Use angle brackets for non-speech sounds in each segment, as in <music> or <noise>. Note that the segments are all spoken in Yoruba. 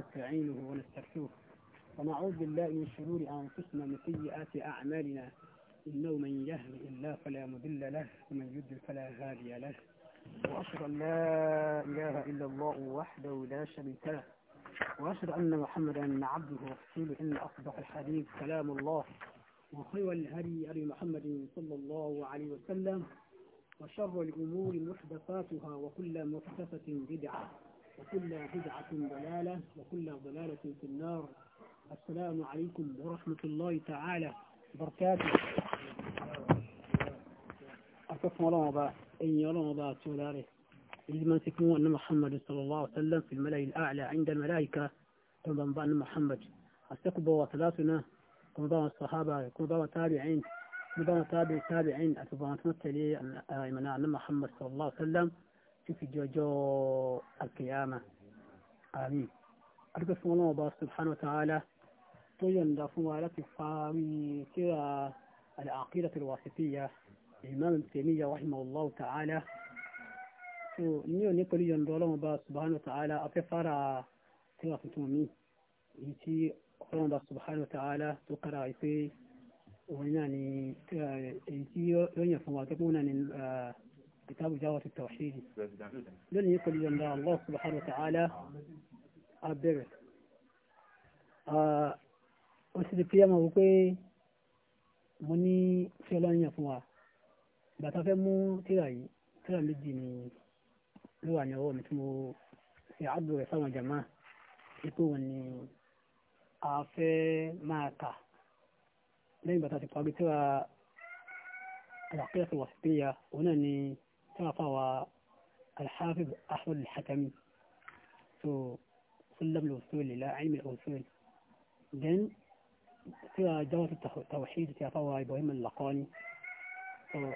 ونستعينه ونستغفره ونعوذ بالله من شرور أنفسنا ومن سيئات أعمالنا إنه من يهد الله فلا مضل له ومن يضلل فلا هادي له وأشهد أن لا إله إلا الله وحده لا شريك له وأشهد أن محمدا عبده ورسوله إن أصدق الحديث كلام الله وخير الهدي هدي محمد صلى الله عليه وسلم وشر الأمور محدثاتها وكل محدثة بدعة وكل بدعة ضلالة وكل ضلالة في النار السلام عليكم ورحمة الله تعالى وبركاته الله وضع إن يرامضة تولاره من سكنوا أن محمد صلى الله عليه وسلم في الملأ الأعلى عند الملائكة تنظم بأن محمد أستقبل وثلاثنا تنظم الصحابة تنظم تابعين تنظم تابع تابعين أتنظم تمثلي أن محمد صلى الله عليه وسلم في جوجو القيامة آمين أرجو اسم الله بار سبحانه وتعالى طيّن دافو مالك فاوي كذا العقيدة الواسطية إمام التيمية رحمه الله تعالى نيو نيكولي يندولون بار سبحانه وتعالى أكفر كذا فتومي يتي قرون بار سبحانه وتعالى تقرأ في ويناني يتي يونيا فمالك بونا كتاب جوهر التوحيد لن يقل يمنع الله سبحانه وتعالى أبير أسد قيامة وكي مني فلان يفوا باتفا مو تيراي تيرا مجيني لو أن هو تمو في عبد ويسام جماعة يكون أفي ماكا لين باتفا تيراي العقيدة الوسطية هنا فهو الحافظ أحفظ الحكم سو سلم الوصول إلى علم الأصول then سوى جوة التوحيد سوى فهو إبراهيم اللقاني سو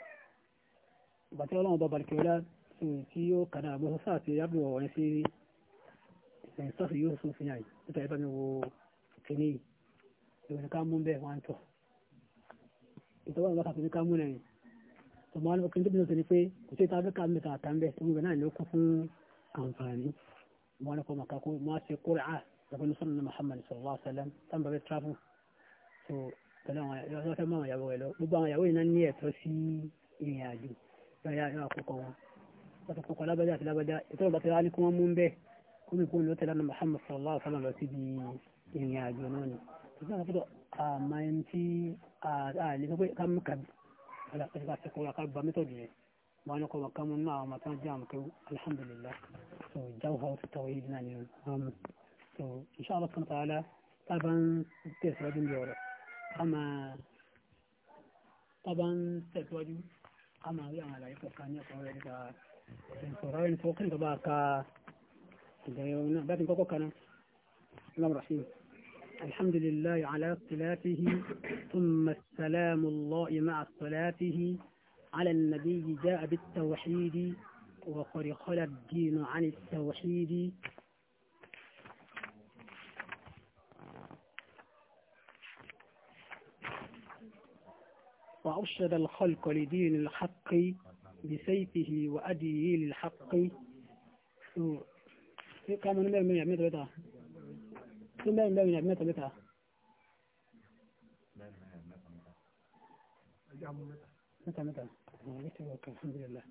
بطي الله مبابا الكولا سو سيو كان مهساتي يبدو ويسيري سنصف يوسف سيناي سوى إبراهيم وكيني سوى كان مبابا وانتو إذا كان مبابا وانتو sọmọ àwọn ọkùnrin tóbi náà sọ ni pé kò sí ìta afẹ́ká mẹ́ta àtàǹbẹ̀ tó ń bẹ náà ló kún fún àǹfààní wọn kọ màkà kó máa ṣe kórè à lọ́pọ̀ ní sọ́nà Muhammad sọ̀rọ̀ wa sẹ́lẹ̀m táwọn bẹ̀rẹ̀ tíráfù tó tẹ̀lé àwọn ọlọ́fẹ́ máa yàwó rẹ̀ lọ gbogbo àwọn yàwó yìí náà ní ẹ̀tọ́ sí ìrìn àjò yàrá yàrá àkókò wọn wọ́n ti kọ́kọ́ lábẹ́jà àti lábẹ́jà ìtọ́jú bá ti rá ní kí wọ́n mú ń bẹ́ẹ̀ kó mi wala kasi ka seko ka ba mito dule wani ko makka mun na ma tan jam ko alhamdulillah so jawhar tawhid na ni um so insha Allah subhanahu wa ta'ala taban tẹ̀síwájú ní ọ̀rọ̀ a máa taban tẹ̀síwájú a máa rí àwọn àlàyé kọ̀ọ̀kan ní ọ̀pọ̀ rẹ̀ nípa ìṣòro ẹni tó kí n tó bá ka ìjẹun náà bẹ́ẹ̀ tí kọ́kọ́ kan náà lọ́mọ̀rọ̀ sí i الحمد لله على اختلافه ثم السلام الله مع اختلافه على النبي جاء بالتوحيد وقد خلى الدين عن التوحيد وأرشد الخلق لدين الحق بسيفه وأديه للحق كما نمر من يعمل تكريم لا ينبغي من المتعة متى متى متى الحمد لله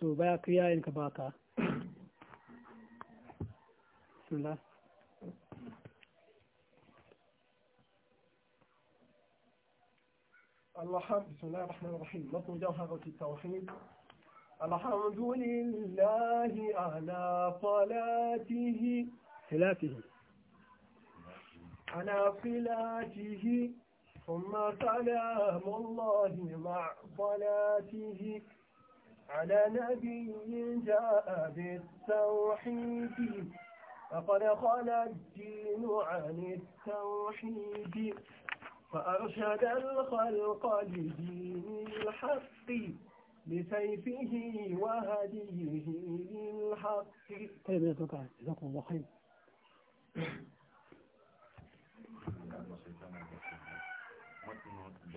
سو باك يا إنك باكا بسم الله الحمد بسم الله الرحمن الرحيم مطلب جوهرة التوحيد الحمد لله على صلاته صلاته على صلاته ثم سلام الله مع صلاته على نبي جاء بالتوحيد فقد خلى الدين عن التوحيد فأرشد الخلق لدين الحق بسيفه وهديه للحق. طيب، جزاكم الله خير.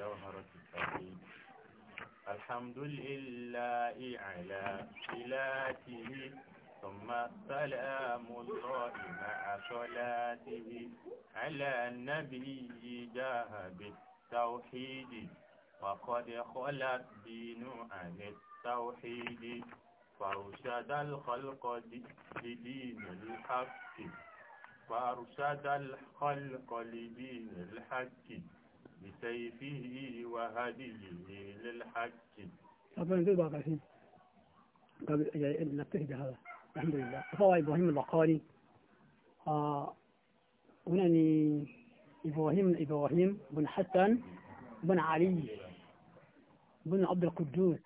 جوهرة التوحيد الحمد لله على صلاته ثم سلام الله مع صلاته على النبي جاه بالتوحيد وقد خلت دين عن التوحيد فارشد الخلق لدين الحق فارشد الخلق لدين الحق بسيفه وهديه للحق ربنا يقول بقى عشان قبل نكتفي بهذا الحمد لله روى إبراهيم البقالي آه هناني إبراهيم إبراهيم بن حسن بن علي بن عبد القدوس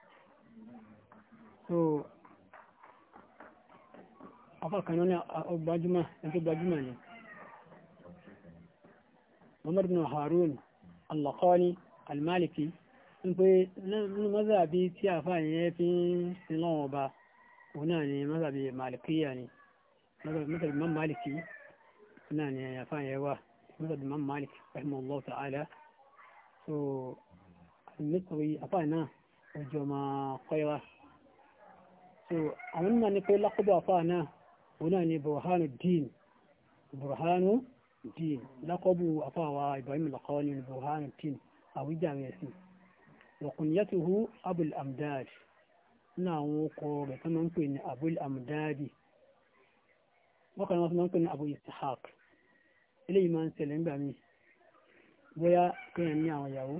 سو أفضل afọ́kànnà ní ọgbàjúmọ̀ ẹgbẹ́gbàjúmọ̀ ni Umar bin هارون al-Lakhani al-Maliki ń pé nínú mọ́sàbí tí àfáà yẹn fi ń sin lọ́wọ́ ọba òun náà ni mọ́sàbí malikiya ni mọ́sàbí mọ́ maliki náà ni àfáà yẹn wà mọ́sàbí mọ́ maliki rahimahullahu ta'ala so nítorí àfáà náà ọjọ́ máa kọ́yọ́ so àwọn náà ni pé lákọ́bọ̀ àfáà náà òun náà ni burhanu din burhanu dín lákọ́bù afáwa ibrahim lakọ́ni buhari tin àwíjàre ẹ̀sìn wọ̀kùnyẹ́tùhù abul amdad ní àwọn ọkọ̀ rẹ̀ tó máa ń pè ní abul amdadi wọ́n kan wọ́n tó máa ń pè ní abu ishaq eléyìí máa ń ṣẹlẹ̀ nígbà míì bóyá kéèyàn ní àwọn ìyàwó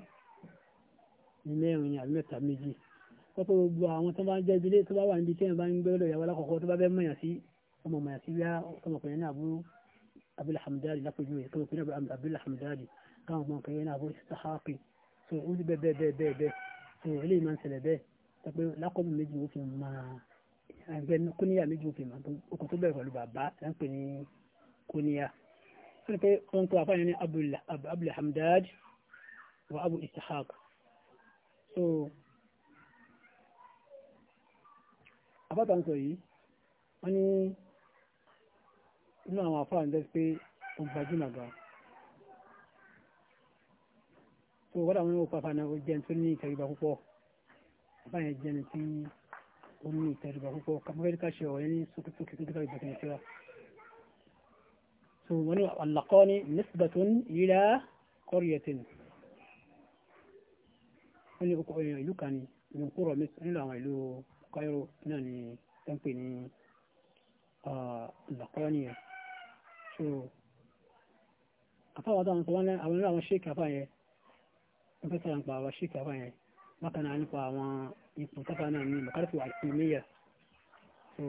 ní mẹ́rin àbí mẹ́ta méjì pọ́pọ́ gbogbo àwọn tó bá ń jẹ́ ibi tó bá wà níbi kéèyàn bá ń gbé lọ́yàwó alákọ̀ọ́kọ́ tó bá fẹ́ mọ̀yàn sí ọmọ mọ̀yàn sí bíá ọmọkùnrin ní àbúrò abdulhamdani lápẹjúwe tó pinnu abdulhamdani káwọn ọmọ kan yẹn náà bó sàhákì so ó ti bẹ́ẹ̀ bẹ́ẹ̀ bẹ́ẹ̀ bẹ́ẹ̀ so eléyìí máa ń ṣẹlẹ̀ bẹ́ẹ̀ pé lákọ̀ọ́bù méjì ó fi máa ẹgbẹ́ kóníyà méjì ó fi máa okùn tó bẹ̀rẹ̀ pẹ̀lú bàbá ẹ̀ ń pè ní kóníyà ó rí pé ó ń kọ́ afáàní ní abdulhamdad wa abu ishaq so abátan sọ yìí wọ́n ní inú àwọn àfáà ń dẹ́sí pé ó gbajúmọ̀ gan tó wọ́n àwọn ìwọ̀n pàpà náà ó jẹun tó ní ìtẹríba púpọ̀ àbá yẹn jẹun tí ó ní ìtẹríba púpọ̀ kàmúfẹ́ríkà ṣe ọ̀rẹ́ ní sókítòkì tó kíkà ìbẹ̀tẹ̀ ìtura tó wọ́n ní àlàkọ́ ní nisbatun ila qaryatin wọ́n ní ọkọ̀ eh, ìlú kan ní ìlúkúrọ̀ nílò àwọn ìlú Cairo náà ní tẹ́ńpẹ̀ ní àlàkọ́ nìyẹn so àfáwọ̀dá àwọn ìpàwọn àwọn ìlú àwọn ṣéèkì àfá yẹn pẹ́sẹ̀ àwọn ìpàwọn ṣéèkì àfá yẹn bákanáà nípa àwọn ipò tọ́fà náà ní mọ̀kálẹ́fì àìmíyà so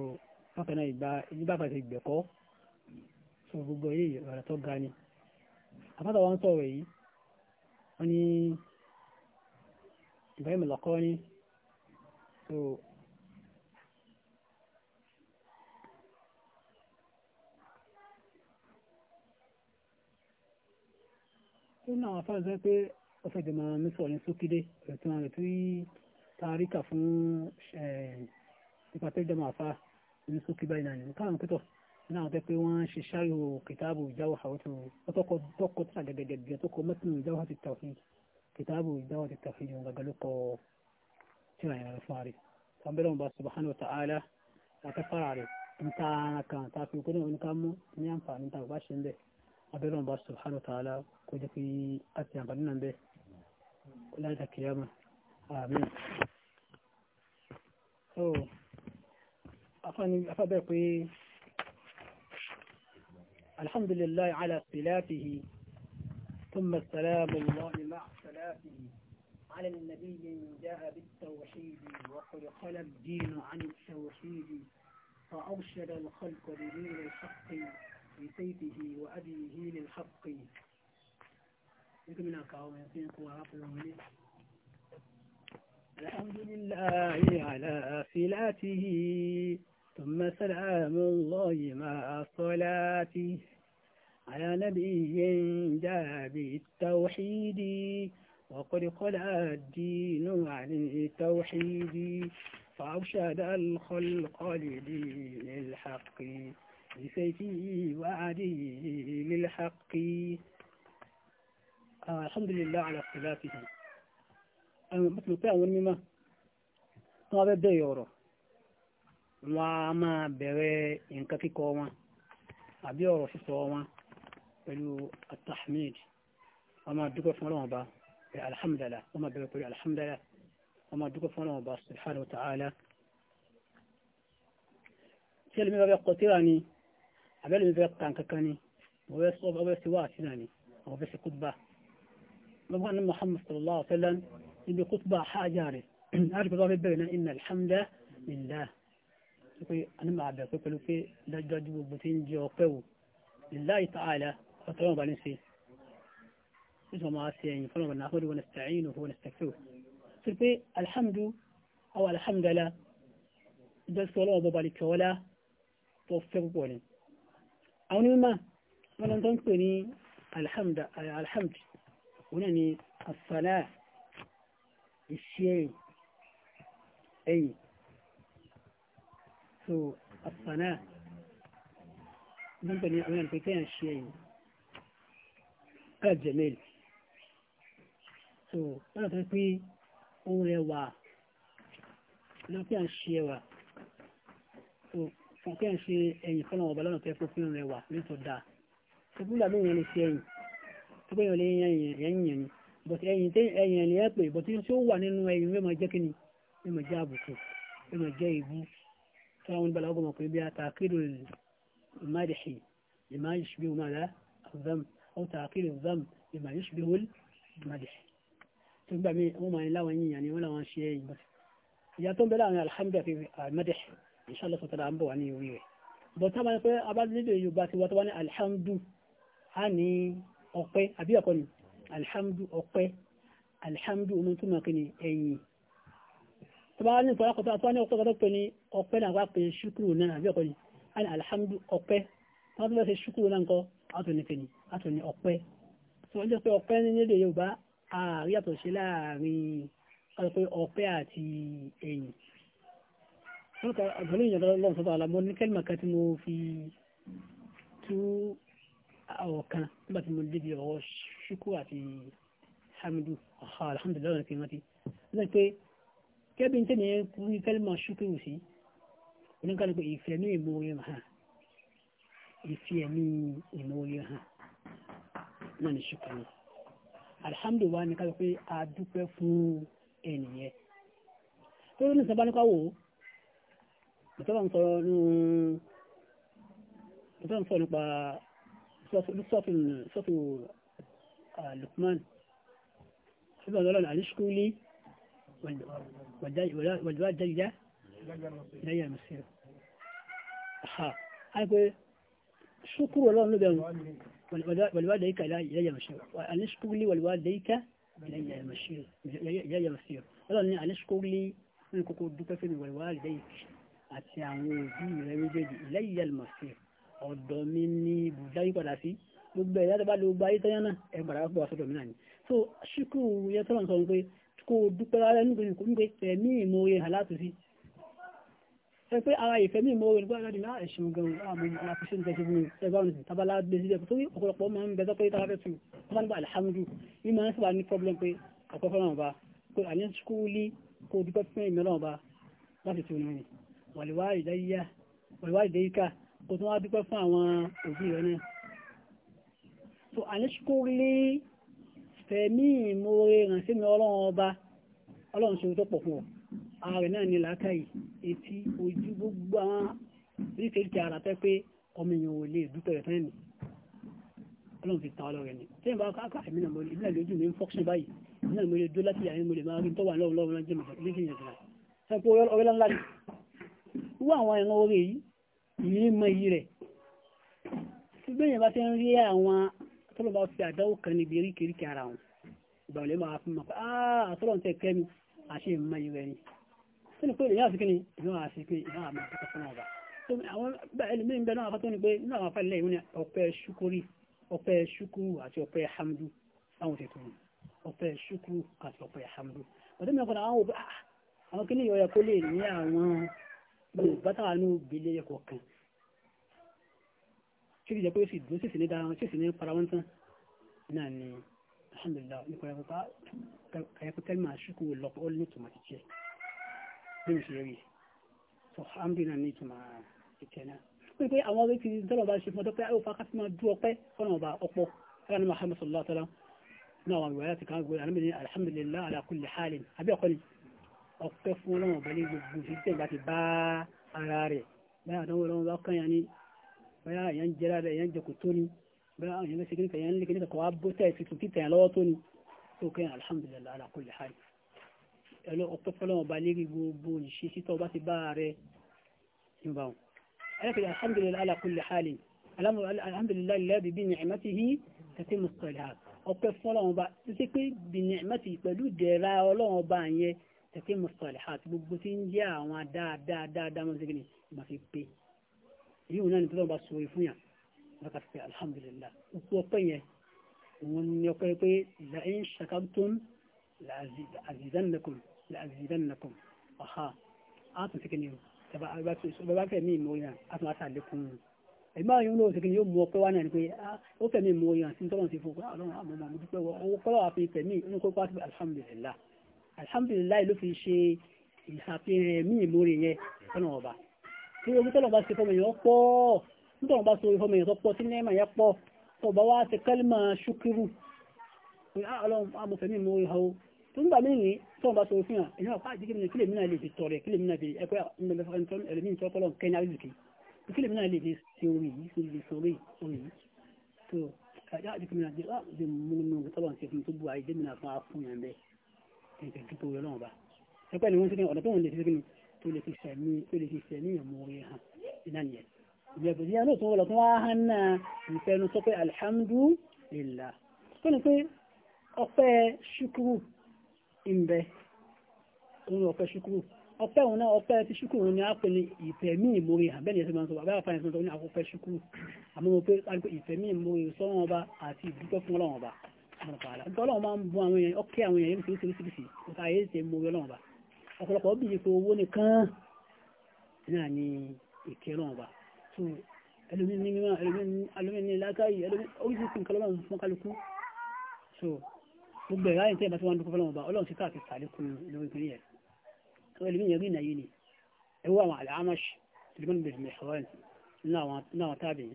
bákanáà ìgbà ìgbà pàtàkì ìgbẹ̀kọ́ so gbogbo yìí ọ̀rọ̀ tó ga ni àfáta wọn sọ̀rọ̀ yìí wọ́n ní ìbáyìí mọ̀lọ́kọ́ ni so ó ní àwọn afárá sọ pé ó fẹ́ dèmọ̀ mi sọ̀rọ̀ ní sókídé ọ̀rẹ́ tí wọ́n rẹ̀ tí taríkà fún ìpàtẹ́ ìjọba àfá ní sókí báyìí náà ní káàmù pẹ́tọ̀ ní àwọn tẹ́ pé wọ́n ṣe ṣáyò kìtàbù ìjáwó àwọ̀tò ọtọ́kọ tọ́kọ tí àgẹ̀gẹ̀ bí ọtọ́kọ mẹ́tìnú ìjáwó àti tàwí kìtàbù ìjáwó àti tàwí yóò gàgà ló kọ tíra ìrìn fún ààrẹ wọn bẹ̀rẹ̀ wọn bá subhanahu wa ta'ala àtẹ́fàrà rẹ̀ ń ta ara kan tàbí òkú ní oníkàmú ní àǹfààní tàbí bá ṣe ń bẹ́ẹ̀ أبلون بار سبحانه وتعالى في أتيان قرنان به لا يدك ياما آمين أو أفاني أفابقي الحمد لله على صلاته ثم السلام الله مع صلاته على النبي من جاء بالتوحيد وخلقل الدين عن التوحيد فأرشد الخلق لدين الحق بسيفه وأبيه للحق يكمل كاوم ينفيق وعقل الحمد لله على صلاته ثم سلام الله مع صلاته على نبي جاء بالتوحيد وقد خلع الدين عن التوحيد فأرشد الخلق لدين الحق بسيفي وعدي للحق الحمد لله على اختلافه مثل pé àwọn onímọ̀ tó wọ́n fẹ́ bẹ̀rẹ̀ ọ̀rọ̀ wọ́n a máa bẹ̀rẹ̀ nǹkan kíkọ wọn àbí ọ̀rọ̀ sísọ wọn pẹ̀lú atahmid wọ́n máa dúpẹ́ fún ọlọ́wọ́n bá pẹ̀lú alhamdulillah wọ́n máa bẹ̀rẹ̀ pẹ̀lú alhamdulillah wọ́n máa fún ọlọ́wọ́n bá subhanahu wa tí ẹlẹ́mí bá kọtíra ni abẹ́lẹ̀ mi fẹ́ kàn kankan ni ọbẹ̀ sọ ọbẹ̀ sí wá àti náà ni ọbẹ̀ sí kútbà lọ́gbọ́n ní muhammad sallallahu alaihi wa sallam ibi kútbà hajj rẹ̀ láti pẹ̀lú ọbẹ̀ bẹ̀rẹ̀ náà inna alhamdulillah pé àní máa bẹ̀ pé pẹ̀lú pé dájúdájú gbogbo tí ń jẹ ọpẹ́ wò lillahi ta'ala ọ̀tọ̀ wọn bá ní ṣe nítorí máa ṣe ẹ̀yìn fọlọ́mọ̀ nasta'inu wọn nastaghfiruh sí alhamdu aw alhamdulillah ìjọsìn ọlọ́wọ́ bọ́ba lè kẹ́wọ́lá àwọn onímọ̀ wọn lọ́n tó ń pè ní alhamdu wọn ni asala iṣẹ́ ẹ̀yìn ẹ̀yìn so asala lọ́n pè ní àwọn ìpínlẹ̀ ẹ̀yìn ṣe ẹ̀yìn al-jamil so lọ́nà tó pé ó rẹwà lọ́pẹ́ à ń ṣe ẹwà fún kí n ṣe ẹ̀yìn fún ọmọ ọba lọ́nà tó yẹ kó fi ń rẹwà létò dáa ìpínlẹ̀ àbí ìyẹn lè ṣe ẹ̀yìn tó pé ìyẹn lè yẹn ẹ̀yìn yẹn ni but ẹ̀yìn tí ẹ̀yìn ẹ̀lẹ́ pè but tí ó wà nínú ẹ̀yìn rẹ̀ máa jẹ́ kí ni rẹ̀ máa jẹ́ àbùkù rẹ̀ máa jẹ́ ìbú tó àwọn ìbàlá ọgbọ̀n ọkùnrin bí i àtàkìrò ìmáàdìṣì ìmáàdìṣì bí i máa zam ó tàkìrò zam ìmáàdìṣì bí i ìmáàdìṣì tó gbà mí wọ́n máa ń láwọn yìnyín ni inshallah sọ̀tàdà ń bọ̀ wá ní orí rẹ̀ bọ̀ tá a bá ní pé abájúlédè yorùbá ti wá tó wá ní alhamdu a ní ọpẹ́ àbí ọ̀kọ́ ni alhamdu ọpẹ́ alhamdu omi tó mọ̀ kí ni ẹ̀yìn tó bá ní ìfọwọ́kọ̀ tó wá ní ọpẹ́ kọ́tọ́ pé ní ọpẹ́ náà wá pé ṣúkúrù náà àbí ọ̀kọ́ ni a ní alhamdu ọpẹ́ tó wá tó fẹ́ ṣúkúrù náà ńkọ́ àtòní ni àtòní ọpẹ́ tó wọ́n nípa àgbẹ̀lú ìyọ̀dọ̀ lọ́wọ́ sọ́tọ̀ àlàmọ́ ní kẹ́lìmà kan tí mo fi tú ọ̀kan nígbà tí mo débi ọ̀wọ́ ṣúkú àti hamidu ọ̀há alhamdulillah ọ̀nà kìí rántí nígbà pé kẹ́bí tẹ́mi rí kẹ́lìmà ṣúkú sí oníkàlù pé ìfẹ́ ní ìmòye hàn ìfẹ́ ní ìmòye hàn náà ní ṣúkú ni alhamdulillah ní kálù pé a dúpẹ́ fún ènìyàn tó ní sábà ní káwọ́ متفهم صلوا با صف صف لقمان حبا قال لنا علي شكولي والدواد دلجة دلجة المصير ها هاي قول شكر والله نبي والدواد ديك لا يجي مشير علي شكولي والدواد ديك لا يجي مشير لا يجي مصير والله نبي علي شكولي نكوكو دكتور والوالد ديك àti àwọn òbí rẹ méjèèjì ìlẹ́yìn ẹlmọ̀sí ọ̀dọ̀ mi ní ibùdó yí padà sí gbogbo ẹ̀yà tó bá lè gbogbo ayé náà ẹ gbàdá pọ̀ sọ́dọ̀ mi náà ni so ṣíkú yẹ tọ́lọ̀ sọ pé kó o dúpẹ́ rárá nígbè nígbè tẹ̀mí ìmoore hàn láti sí ẹ pé ara ìfẹ́ mí ìmoore nígbà láti náà ẹ̀ṣin gan àmọ́ àfiṣẹ́ ní tẹ́jú ah, ah, mi ẹgbẹ́ ọ̀nà tábàlá gbé sílẹ̀ torí ọ̀pọ̀lọpọ̀ máa ń bẹ tọ́pẹ́ tára fẹ́ tu tó bá nígbà alhamdu ní máa ń sábà wàlúwàlúdẹ́yíká kò tún wá dúpẹ́ fún àwọn òbí rẹ̀ náà so àníṣkúrí fẹ̀mí ìmúre ránṣẹ́ mi ọlọ́run ọba ọlọ́run ṣe tó pọ̀ fún ni làákàyè etí ojú gbogbo àwọn oríkèéríkèé ara tẹ́ pé ọmọ èèyàn ò lè dúpẹ́ rẹ̀ ni tí ìbá káàkà ẹ̀mí náà mọ̀lẹ́ ìbílẹ̀ lójú mi ń fọ́kṣẹ́ báyìí ìbílẹ̀ mọ̀lẹ́ dó láti àárín mọ̀lẹ́ máa rí tọ́wà lọ́wọ́ lọ́wọ́ lọ́jọ́ wú àwọn ẹran orí yìí ìyí mọ iyì rẹ̀ ṣùgbọ́n èèyàn bá ti ń rí àwọn tọ́lọ̀ bá fi àdáwò kan níbi eríkèríkè ara wọn ìgbàlẹ̀ máa fún mọ̀ pé ah, àtọ́lọ̀ ń tẹ̀ kẹ́ mi àṣẹ ìmọ̀ iyì rẹ̀ ni tí ni pé èèyàn àti kíni ìlú àti pé ìlú àmọ́ àti kọ́kọ́ náà bá àwọn ẹlòmíín bẹ́ẹ̀ náà fọ́tọ́ ni pé nínú àwọn afẹ́lẹ́ ìwé ni ọpẹ́ ṣúkúrì ọpẹ́ ṣúkúrù àti ọpẹ́ hamdu láwọn ti tó ọpẹ́ ṣúkúrù àti ọpẹ́ hamdu ọ̀dọ́ mi kọ́ni àwọn òbí ah, àwọn kíní ìyọ̀ mo bàtà wà nínú gbélé ẹ̀kọ́ kan tí kìí jẹ́ pé ó sì dùn sísìn ní dára wọn sísìn ní para wọn tán náà ni alhamdulillah nípa ẹ̀kọ́ pa kàyẹ́kọ́ tẹ́lẹ̀ máa ṣùkú lọ́pọ̀ ó ní ìtumọ̀ ti jẹ́ bí mo ṣe rí so alhamdulillah ní ìtumọ̀ ti jẹ́ náà pé pé àwọn ọdún ti dọ́lọ̀ bá ṣe fún ọdún pé ó fa kásìmọ̀ dú ọpẹ́ fọ́nà ọba ọpọ ọpẹ́ fún ọlọ́run ọba ní gbogbo ìṣẹ́jẹ́ láti bá ara rẹ̀ báyà àdánwò ọlọ́run bá kàn yàn ní báyà èèyàn jẹ́ rárẹ̀ èèyàn jẹ́ kò tó ni báyà èèyàn fẹ́ ṣe kíníkà èèyàn lè kíníkà kọ́ wá bó tẹ̀ sí tòkí tẹ̀yàn lọ́wọ́ tó ni tó kẹ́yàn alhamdulillah ala kulli hal ẹ̀lọ́ ọpẹ́ fún ọlọ́run ọba lérí gbogbo ìṣesí tó bá ti bá rẹ̀ ń bá wọn. ẹlẹ́kẹ̀ẹ́ alhamdulillah ala tẹ̀kí mustalihat gbogbo tí ń jẹ́ àwọn dáadáa dáadáa mọ́ sígi ni ma fi pé èyí wọn náà ní tọ́lọ́ba sọ fún yà bàtà fi alhamdulillah òkú ọpẹ́ yẹn òun ni ọpẹ́ pé la in shakartum la azidannakum la azidannakum ọ̀ha a tún sígi ni o bàbá fẹ́ mi ìmọ̀ yàn a tún wá sàlékún ẹ̀gbọ́n àwọn yóò sì kí ni yóò mú ọpẹ́ wá náà ni pé ah, ó fẹ̀mí ìmọ̀ yàn sí tọ́lọ́n sí fún ọlọ́run àmọ́ ah, mọ̀ mọ̀ dúpẹ́ alhamdulilayi ló fi ṣe ìṣàfihàn ẹ̀mí ìmúre yẹn fọ́nà ọba tí omi tọ́lọ̀ bá ṣe fọ́mọ èèyàn pọ̀ nítorí bá ṣe fọ́mọ èèyàn tó pọ̀ tí nẹ́ẹ̀mà yẹn pọ̀ tó bá wá ṣe kẹ́lìmọ̀ ṣúkúrú ah, ọlọ́run amòfẹ́mí ìmúre ha o tó ń gbà mí ní tọ́wọ́n bá ṣe òfin hàn èèyàn àpá àdìgẹ́ mi kílèmí náà lè fi tọrẹ kílèmí náà fi ẹgbẹ́ ẹlẹ́mí ìtọ́kọ́lọ́ kẹ́nyà rìzìkì kílèmí náà lè fi ṣe orí yìí ṣe lè sọrí orí yìí tó ẹ̀dá àdìgẹ́ mi náà ah, lè mú mi tọ́lọ́ ṣe fún tó bu àìdẹ́mi náà fún afún yẹn bẹ́ẹ̀ nǹkan kí tó yọ lọ́wọ́ bá ẹgbẹ́ ni wọ́n ti ní ọ̀dọ̀ tó ń lè fi kíni tó lè fi sẹ̀mí tó lè fi sẹ̀mí ìmúre hàn iná nìyẹn ìyẹn bẹ̀rẹ̀ yẹn lóòótọ́ ọ̀dọ̀ tó wá hàn náà ìfẹ́nu sọ pé alhamdulillah tó ní pé ọpẹ́ ṣukuru ìmbẹ òun ọpẹ́ ṣukuru ọpẹ́ òun náà ọpẹ́ ti ṣukuru ni a pè ní ìfẹ̀mí ìmúre hàn bẹ́ẹ̀ ni ẹ̀sìn máa ń sọ bàbá àfáàyàn sọ ní àkọ́pẹ́ ṣukuru àmọ́ mo pé ìfẹ̀mí ìmúre sọ́wọ́n ọba àti ìdúpẹ́ fún ọlọ́wọ́n ọba mọ̀nàpàdà ọlọ́run máa ń bu àwọn èèyàn ọkẹ́ àwọn èèyàn yìí oríṣiríṣiríṣi ọ̀tá ayé ṣe mú orí ọlọ́run bá ọ̀pọ̀lọpọ̀ bí i pé owó nìkan náà ni ìkẹ́ ọlọ́run bá tó ẹlòmíín ní mímọ́ ẹlòmíín ní lákàyè oríṣiríṣi nǹkan lọ́wọ́ fún kálukú so gbogbo ẹ̀rọ àyìntẹ́ ìbáṣe wọn dúpọ̀ ọlọ́run bá ọlọ́run ti káàkiri sàlékún lórí ìpínlẹ̀ yẹn tó ẹlòmíín yẹn rí ìnáyé ni ẹwọ́ àwọn àlàámọ́ṣ Suleiman bin Mihran náà wọn tábìlì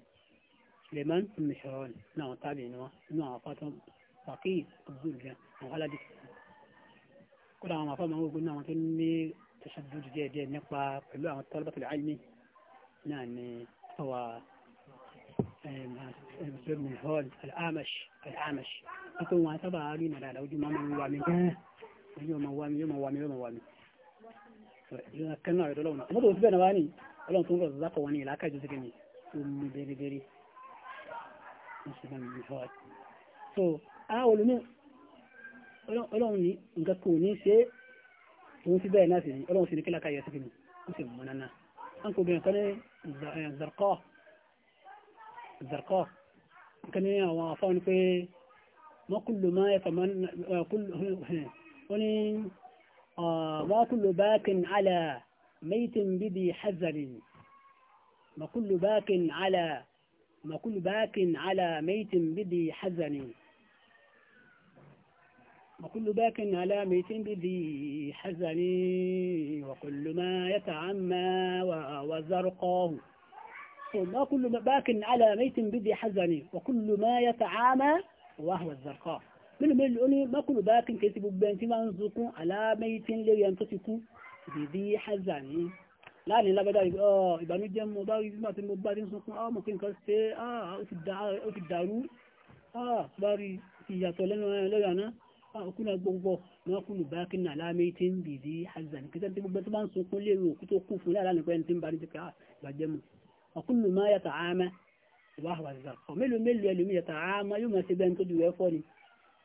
Suleiman bin Mihran náà wàkí abduljan àwọn aládé kódà àwọn afọ́ àwọn ogun àwọn tó ní tashaddudu díẹ̀ díẹ̀ nípa pẹ̀lú àwọn talabatul ilmi náà ni fọwà ibn hall al'amash al'amash akan wọn sábà rí na dáadáa ojú máa ń wà mí gan yóò máa wà mí yóò máa wà mí yóò máa wà mí yóò máa kánú àrẹ̀dọ́ lọ́wọ́ àwọn olùmí ọlọ́run ní nǹkan kò ní ṣe òun ti bẹ́ẹ̀ náà sí ni ọlọ́run sì ní kíláka yẹ sí ni ó sì mú náà a ń kò bẹ̀rẹ̀ kan ní zarkọ́ kan ní àwọn afọ́n pé mọ́kùnlù máa yẹ kàmán ó ní mọ́kùnlù bákin alá maitin bidi hazarin mọ́kùnlù bákin alá mọ́kùnlù bákin alá maitin bidi hazarin وكل باك على ميت بذي حزن وكل ما يتعمى وزرقاه ما كل باك على ميت بذي حزن وكل ما يتعامى وهو الزرقاء من ملؤني ما كل باك كتب بنت منزق على ميت لينتسك بذي حزن لا لا لا mo bá rí sọkún ri آه ممكن ki آه kan ṣe ó ti dàrú bá rí ìyàtọ̀ kuna gbogbo na kulu bakin na lamitin bizi hazan kisan ti gbogbo tó bá ń sunkún léèrè òkú tó kún fún láàrín pẹ́ni tí ń bari jẹ́kẹ́ àgbàjẹ́ mu ọkùnrin máa yàtà àmà ìwà àwàzà ọ̀ mélòó mélòó ẹlòmí yàtà àmà yóò máa ṣe bẹ́ẹ̀ tó ju ẹ̀fọ́ ni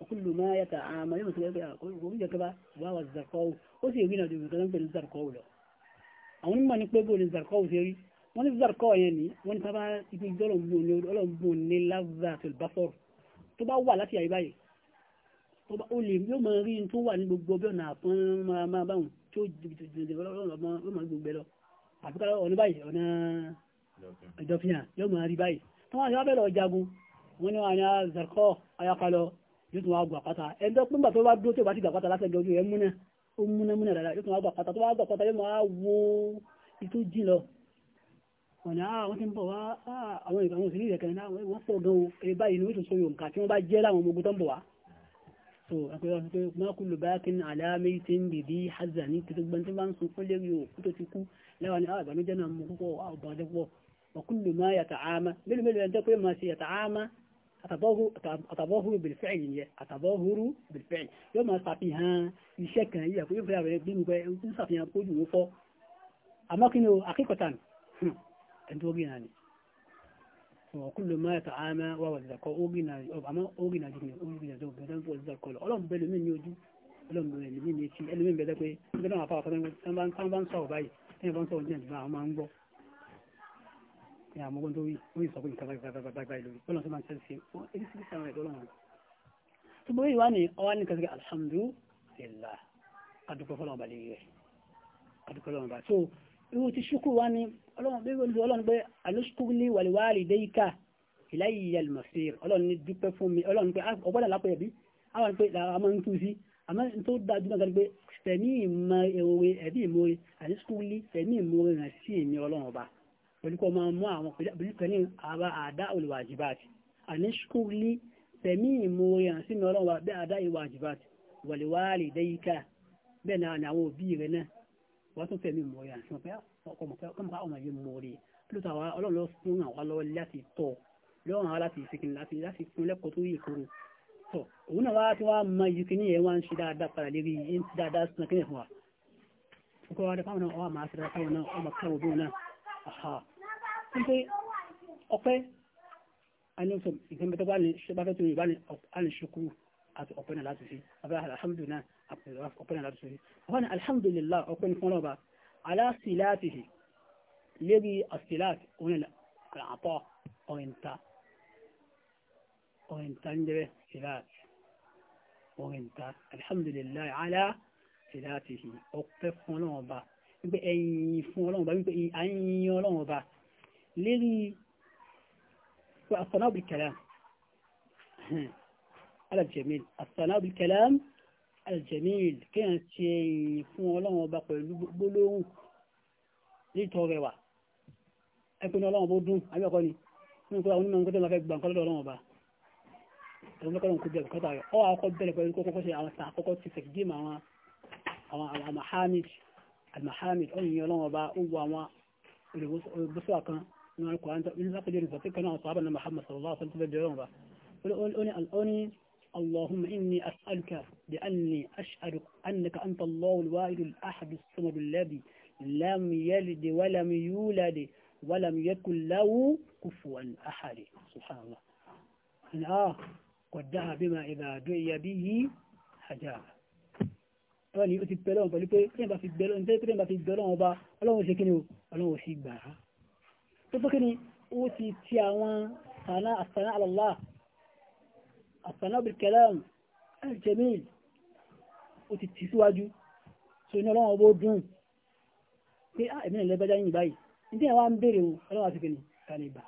ọkùnrin máa yàtà àmà yóò máa ṣe bẹ́ẹ̀ kó jẹ́kẹ́ bá ìwà àwàzà kọ́ ó sì rí náà ju ìgbàgbọ́n pẹ̀lú zarkọ́ lọ àwọn onímọ̀ o lè yóò máa rí tó wà ní gbogbo ọbẹ̀ ọ̀nà àpọ́n máa máa báwọn tó jìbìtìbìtì gbogbo lọ àfikà ọ̀nà báyìí ọ̀nà ìjọfihàn yóò máa rí báyìí tó wọ́n yóò bẹ̀rẹ̀ ọjagun wọ́n ní àyà zarkọ́ ayakalọ yóò tún wá gbà pátá ẹni tó pín bàtọ́ bá dúró tó bá ti gbà pátá lásán jọjú ẹ múná múná múná yóò tún wá gbà pátá tó wá gbà pátá yóò máa wo itó ah, ń bọ̀ wá ah, àwọn ìgbà wọn sì ní ìrẹ̀kẹ̀rẹ̀ náà wọ́n pọ̀ gan-an báyìí ni wọ́n tún sọ yòǹkà tí wọ́n bá jẹ́ láwọn ọmọ ogun tó ń bọ̀ wá so àpẹẹrẹ sọ pé mọ́kùlù bá kí ní aláàmì tí ń bèbí hazza ní kìtìgbọ́n tí wọ́n ń sunkún lérí òkú tó ti kú lẹ́wọ̀n ni àwọn ìbànújẹ́ náà mú púpọ̀ àbọ̀dẹ́ pọ̀ ọkùnlù máa yàtà àmà mélòó mélòó ẹjọ́ pé máa ṣe yàtà àmà àtàbọ́húrú bìlfẹ́ẹ̀lì yẹn àtàbọ́húrú bìlfẹ́ẹ̀lì yóò máa ṣàfihàn iṣẹ́ kan yíyà pé fúra rẹ̀ bí nǹkan ń ṣàfihàn pójú fọ́ àmọ́ kí ni o àkíkọ̀tà ni ẹni tó rí ni kullu ma ta'ama wa wa zakọ ogina ama ogina jini ogina jọ bẹ̀rẹ̀ ń fọ zakọ lọ ọlọ́run bẹ̀rẹ̀ mi ní ojú ọlọ́run bẹ̀rẹ̀ mi ní etí ẹlẹ́mi bẹ̀rẹ̀ pé ẹgbẹ́ náà fáwọn fáwọn tán bá ń sọ̀rọ̀ báyìí tẹ́yìn bá ń sọ̀rọ̀ jẹ́ ìgbà àwọn máa ń gbọ́ ní àmọ́gbọ́n tó rí ó yìí sọ pé nǹkan báyìí lórí ọlọ́run tó máa ń ṣe ṣe ó èyí sì sàn rẹ̀ lọ́rùn tó bóyá ìwá ni ọwá ní kẹsìkẹ alhamdulillah adúpẹ́ fọlọ́run balẹ̀ rẹ̀ adúpẹ́ fọlọ́run balẹ̀ irú ti ṣúkú wá ní ọlọ́run bí olùdó ọlọ́run pé alóṣùkúlé wàlíwàlì déyíká ìláyìíyà lùmọ̀sír ọlọ́run ní dúpẹ́ fún mi ọlọ́run pé ah, ọgbọ́dọ̀ lápẹ́ ẹ̀bí àwọn pé àwọn ń tú sí àmọ́ tó dájú náà gbé sẹ̀mí ìmọ̀ ewé ẹ̀bí ìmọ̀re alóṣùkúlé sẹ̀mí ìmọ̀re rẹ̀ sí èmi ọlọ́run ọba pẹ̀lú kọ́ máa mú àwọn pẹ̀lú àwa àdá olùwàjìbáàtì alóṣùkúlé sẹ̀mí ìmọ̀re rẹ̀ sí èmi ọlọ́run ọba bẹ́ẹ̀ àdá ìwàjìbáàtì wàlíwàlì déyíká bẹ́ẹ̀ náà àwọn òbí rẹ̀ náà wọ́n tún fẹ̀mí mọ́ ya ṣe mọ̀ pé ọkọ̀ mọ̀ pé ọkọ̀ ọmọ yìí mọ́ rí lóòótọ́ àwọn ọlọ́run ló fún àwọn lọ́wọ́ láti tọ̀ lọ́wọ́ àwọn láti ìsìnkìn láti láti fún lẹ́kọ̀ọ́ tó yìí kúrò tọ̀ òun náà wá tí wọ́n mọ yìí kí ní ẹ̀ wá ń ṣe dáadáa padà lérí ń ti dáadáa sún kí fún wa ọkọ̀ wa dápá náà ọmọ àṣírà fáwọn náà ọmọ kẹrù bí náà àhà ń pé ọpẹ́ alẹ́sọ̀ ìgbẹ́mẹ́tọ́ bá ní ṣe bá fẹ́ tó yorùbá ní alẹ́ṣukú àti ọpẹ́ náà láti fi abẹ́ alhamdulillah الحمد لله أبن فنوبا على سلاته لذي السلات أبن العطاء أنت أنت عندك سلات أنت الحمد لله على سلاته أبن فنوبا بأي فنوبا بأي فنوبا لذي وأصناب الكلام <laughs> على الجميل أصناب الكلام aljamil kéèyàn ṣe ìyìn fún ọlọ́run ọba pẹ̀lú gbólóhùn nítorí rẹwà ẹkùn ọlọ́run bó dún abẹ́ọ̀kọ́ ni nínú kó àwọn onímọ̀ nǹkan tó máa fẹ́ gbà nǹkan lọ́dọ̀ ọlọ́run ọba ẹ̀rọ mẹ́kọ̀ọ́ kò bẹ̀rẹ̀ kọ́tà rẹ̀ ọ àkọ́kọ́ bẹ̀rẹ̀ pẹ̀lú kókó kọ́ṣe àwọn sàn àkọ́kọ́ ti fẹ̀ gíìmù àwọn àwọn almahamid almahamid ó yìn ọlọ́run ọba ó wọ àwọn olùgbòsó àkan nínú alukọ̀ọ́ اللهم إني أسألك بأني أشهد أنك أنت الله الواحد الأحد الصمد الذي لم يلد ولم يولد ولم يكن له كفوا أحد سبحان الله الآه قدها بما إذا دعي به حجاب wọ́n ni ó ti bẹ̀rẹ̀ wọn pẹ̀lú pé tí wọ́n bá fi bẹ̀rẹ̀ wọn tí wọ́n bá fi bẹ̀rẹ̀ wọn bá ọlọ́run ṣe kíni ọlọ́run sì gbà á tó tó kíni ó ti ti àwọn sànà àsànà àlọ́lá àtànábì kalam al-jamil ó ti tì síwájú so iná ọlọ́wọ́ bó dùn pé ah, á ẹ̀mí ìlẹ́gbẹ́já yìí báyìí ní ẹ̀wà ń bèèrè ọlọ́wọ́ àti kìnnì kàlẹ̀bà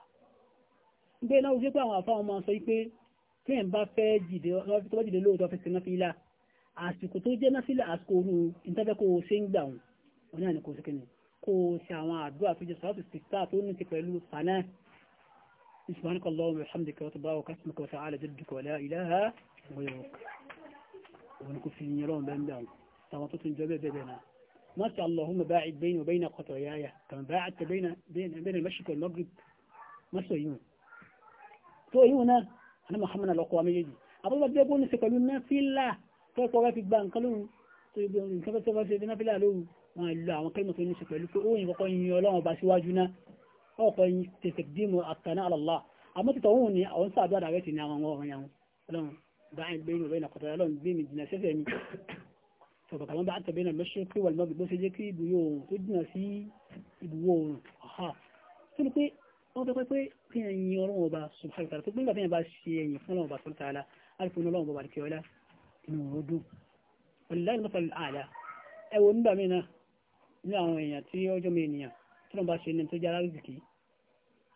gbé náà wípé àwọn àfáwọn máa sọ pé tí ẹ̀ ń bá fẹ́ jìdé lóòótọ́ fẹ́ sinmi fílà àsìkò tó jẹ́ náà fílà àsìkò orú ìtẹ́fẹ́ kó ṣe ń gbà wọn náà ni kò sí kìnnì kó ṣe àwọn àdúrà tó jẹ́ sọ́ọ́tù sísá tó ní ti pẹ̀lú fanáà سبحانك اللهم وبحمدك وتبارك اسمك وتعالى جدك ولا إله غيرك ونكون في النيران بهم دعم سمطت جبه بيننا ما شاء اللهم باعد بيني وبين خطاياي كما باعدت بين بين بين المشرق والمغرب ما شاء تو سويون أنا محمد الأقوام يجي أبو بدي أقول نسكلنا في الله فوق وقفت بانقلون nǹkan tó bá ṣe dínábílà lóhùn wọn ìlú àwọn kẹ́lìmọ̀ tó ní ṣe pẹ̀lú pé ó yìnbọn kọ́ yìnyín wọn kọ yin tètè dìmọ àtàní àlọlá àmọ́ títọ òun ni àwọn sáà dáadáa rẹ ti ní àwọn ọ̀rọ̀ yẹn Ọlọ́run dáhìn gbé mi bẹyìn àkọtọ Ọlọ́run gbé mi jìnnà sẹsẹ mi sọ̀rọ̀ kàwọn bá tẹ̀bẹ́ náà lọ́ṣọ́ pé wà lọ́gbẹ̀ bó ṣe jẹ́ kí ibùyọ oòrùn tó jìnnà sí ibùwọ̀ oòrùn ọ̀há tó ní pé wọ́n fẹ́ pé kí ẹ̀yìn ọlọ́run ọba subhanahu wa ta'ala tó gbígbà bẹ́ẹ̀ tí wọ́n bá ṣe ní tó jẹ́ aláwùjìkì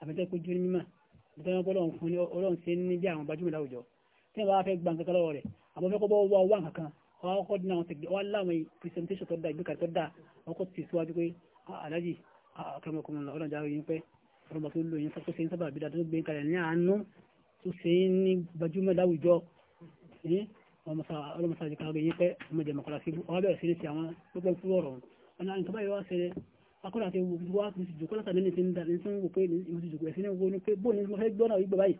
àbẹ́tẹ́ kó jú ní mímọ̀ àbẹ́tẹ́ wọn bọ́lọ̀ fún ní ọlọ́run ṣe ní bí àwọn gbajúmọ̀ láwùjọ tí wọ́n bá fẹ́ gba nǹkan lọ́wọ́ rẹ̀ àbọ̀ fẹ́ kọ́ bọ́ wá nǹkan wá kọ́ dín àwọn tẹ̀gbẹ́ wá láwọn presentation tó da ìgbéka tó da wọ́n kọ́ ti síwájú pé aláàjì akẹ́mọ̀kùnrin ọlọ́run jáwé yín pẹ́ ọlọ́run tó lò yín sọ pé ṣe ń sábà bí dáadọ́ gbé kalẹ̀ ní àánú tó ṣe ń ní gbajúmọ̀ láwùjọ ọlọ́mọsàájì kan gbé yín pẹ́ ọmọdé mọ̀kọ́lá sí akọ́nà àti ewu wá ní ti jòkó látàlẹ́ ní ti ń da ní sínú pé mo ti jòkó ẹ̀sìn wo ni pé bóun ni mo fẹ́ gbọ́nà ìgbà báyìí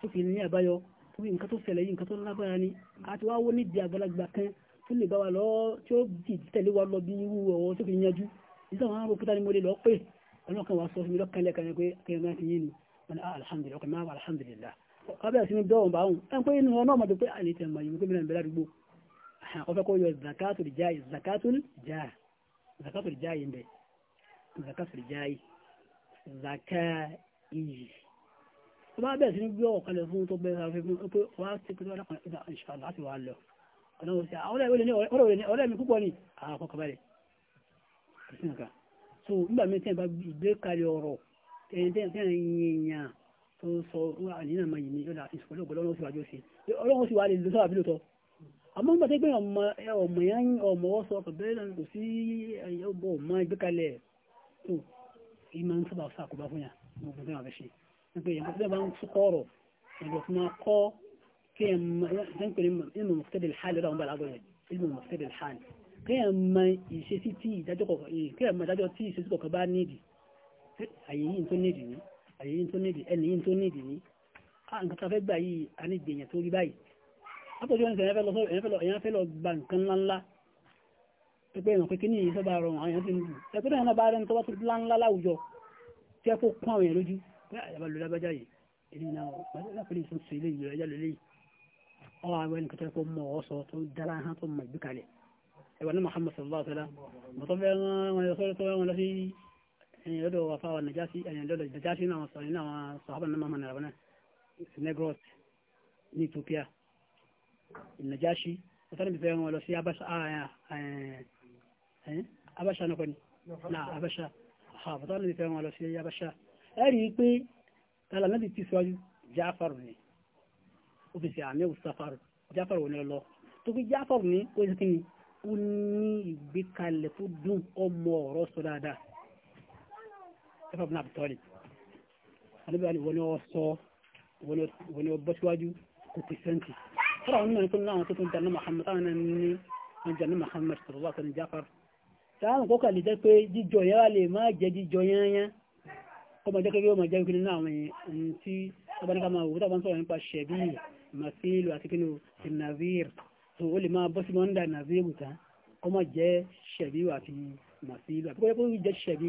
tó fi ní àbáyọ tó fi nǹkan tó ṣẹlẹ̀ yìí nǹkan tó lágbára ni àti wá wó nídìí àgbàlagbà kan tó lè bá wa lọ tí ó ti tẹ̀lé wa lọ bí irú ọ̀wọ́ tó fi yanjú ìṣe àwọn arúgbó tá ni mo lè lọ pé ọlọ́run kan sọ zakatul jai zakatul jai zakatul jai ń zaka fìrìjáì zaka iyì tó bá bẹ̀rẹ̀ sí ní gbé ọ̀kan lọ fún tó bẹ̀rẹ̀ sáré fún pé wá sí pé wọ́n ìdá ìṣàn láti wà lọ ọ̀nà òsì àwọn ọ̀rẹ́ mi púpọ̀ ni àwọn akọ́kọ́ bá rẹ̀ so nígbà mi tẹ́ bá gbé kalẹ̀ ọ̀rọ̀ tẹ́yìntẹ́yìn yìnyàn tó sọ àníyàn máa yìí ní ọ̀dà ìṣòkòlógbò lọ́wọ́ sí wájú sí ọlọ́wọ́ sí wà lè lọ́sọ́ àbílò tọ́ àmọ́ nígbà tẹ́ gbé ọmọ yẹn ọmọ tó èyí máa ń sábà sàkóbá fún yà mo gbọ́dọ̀ àwọn ẹ̀ṣẹ̀ nípa èyàn tó bá ń túkọ̀ ọ̀rọ̀ ẹ̀gbọ́n tó máa kọ́ kí ẹ̀ ń pè ní ilmu mufted alhal lọ́dọ̀ àwọn bàlá gbọ́dọ̀ ilmu mufted alhal kí ẹ̀ mọ ìṣesí tí ìdájọ́ kọ̀ọ̀kan kí ẹ̀ mọ ìdájọ́ tí ìṣesí kọ̀ọ̀kan bá nídìí àyè yìí tó nídìí ní àyè yìí tó nídìí ẹni yìí tó nídìí ní nǹkan tó fẹ́ gbà yìí a ní gbèyàn tó rí báyìí látọ̀jọ́ ní sẹ́yìn fẹ́ lọ gba nǹkan ńláńlá pẹ̀pẹ́ ìmọ̀ pé kí ní èyí sábà rọrùn àwọn èèyàn ti ń lù ẹgbẹ́ náà bá rẹni tó bá tó láńlá láwùjọ tí ẹ kó kún àwọn èèyàn lójú pé àyàbá ah, lò lábájá yìí èyí náà lápẹ́lẹ́ ìsún sí ilé ìlú ẹjá lélẹ́yìí ọwọ́ àwọn ẹnì kẹtọ́ kó mọ ọ̀sọ̀ tó dára hàn tó mọ ìgbékalẹ̀ ẹwà ní Muhammad sallallahu alaihi wasallam mo tó fẹ́ wọn lọ sọ́dọ̀ tó wọn lọ sí ẹ̀yìn lọ́dọ̀ wà fáwọn Najasi ẹ̀yìn lọ́dọ̀ Najasi náà sọ nínú àwọn sọ̀hábà náà máa nàrà náà Negros ní Ethiopia Najasi wọ́n sọ́dọ̀ bí fẹ́ wọn lọ sí Abasa ah, ah, eh, abáṣà náà kọ́ni náà abáṣà àbọ̀tọ́ lè fẹ́ wọn lọ sí abáṣà ẹ̀rí pé tàlàmẹ́bì ti sọ́jú jáfàrù ni ó fi ṣe àmì òsàfàrù jáfàrù ni ọlọ tó fi jáfàrù ni ó sì kíni ó ní ìgbékalẹ̀ tó dùn ọmọ ọ̀rọ̀ sọ dáadáa ẹ̀fọ́ bí náà bìtọ́ ni àdébíyà ni wọ́n ni wọ́n sọ wọ́n ni wọ́n bọ́ síwájú kò pèsèǹtì fọ́nà àwọn onímọ̀ nípa náà tó tún jẹ́ ní Muhammad àwọn ní ní Muhammad sọ̀rọ̀ wà ní sáàrùn kọ́kà lè jẹ́ pé jíjọ yára lè máa jẹ jíjọ yányá ọmọ jẹ́ kékeré ọmọ jẹ́ kékeré náà àwọn ohun tí ọbáníkà máa wò tàbí sọ̀rọ̀ nípa ṣẹ̀bí masilu àti kínú ti nazir tó ó lè máa bọ́ sí mọ́ndà nazir bùtá ọmọ jẹ́ ṣẹ̀bí àti masilu àti kọ́kọ́ jẹ́ ṣẹ̀bí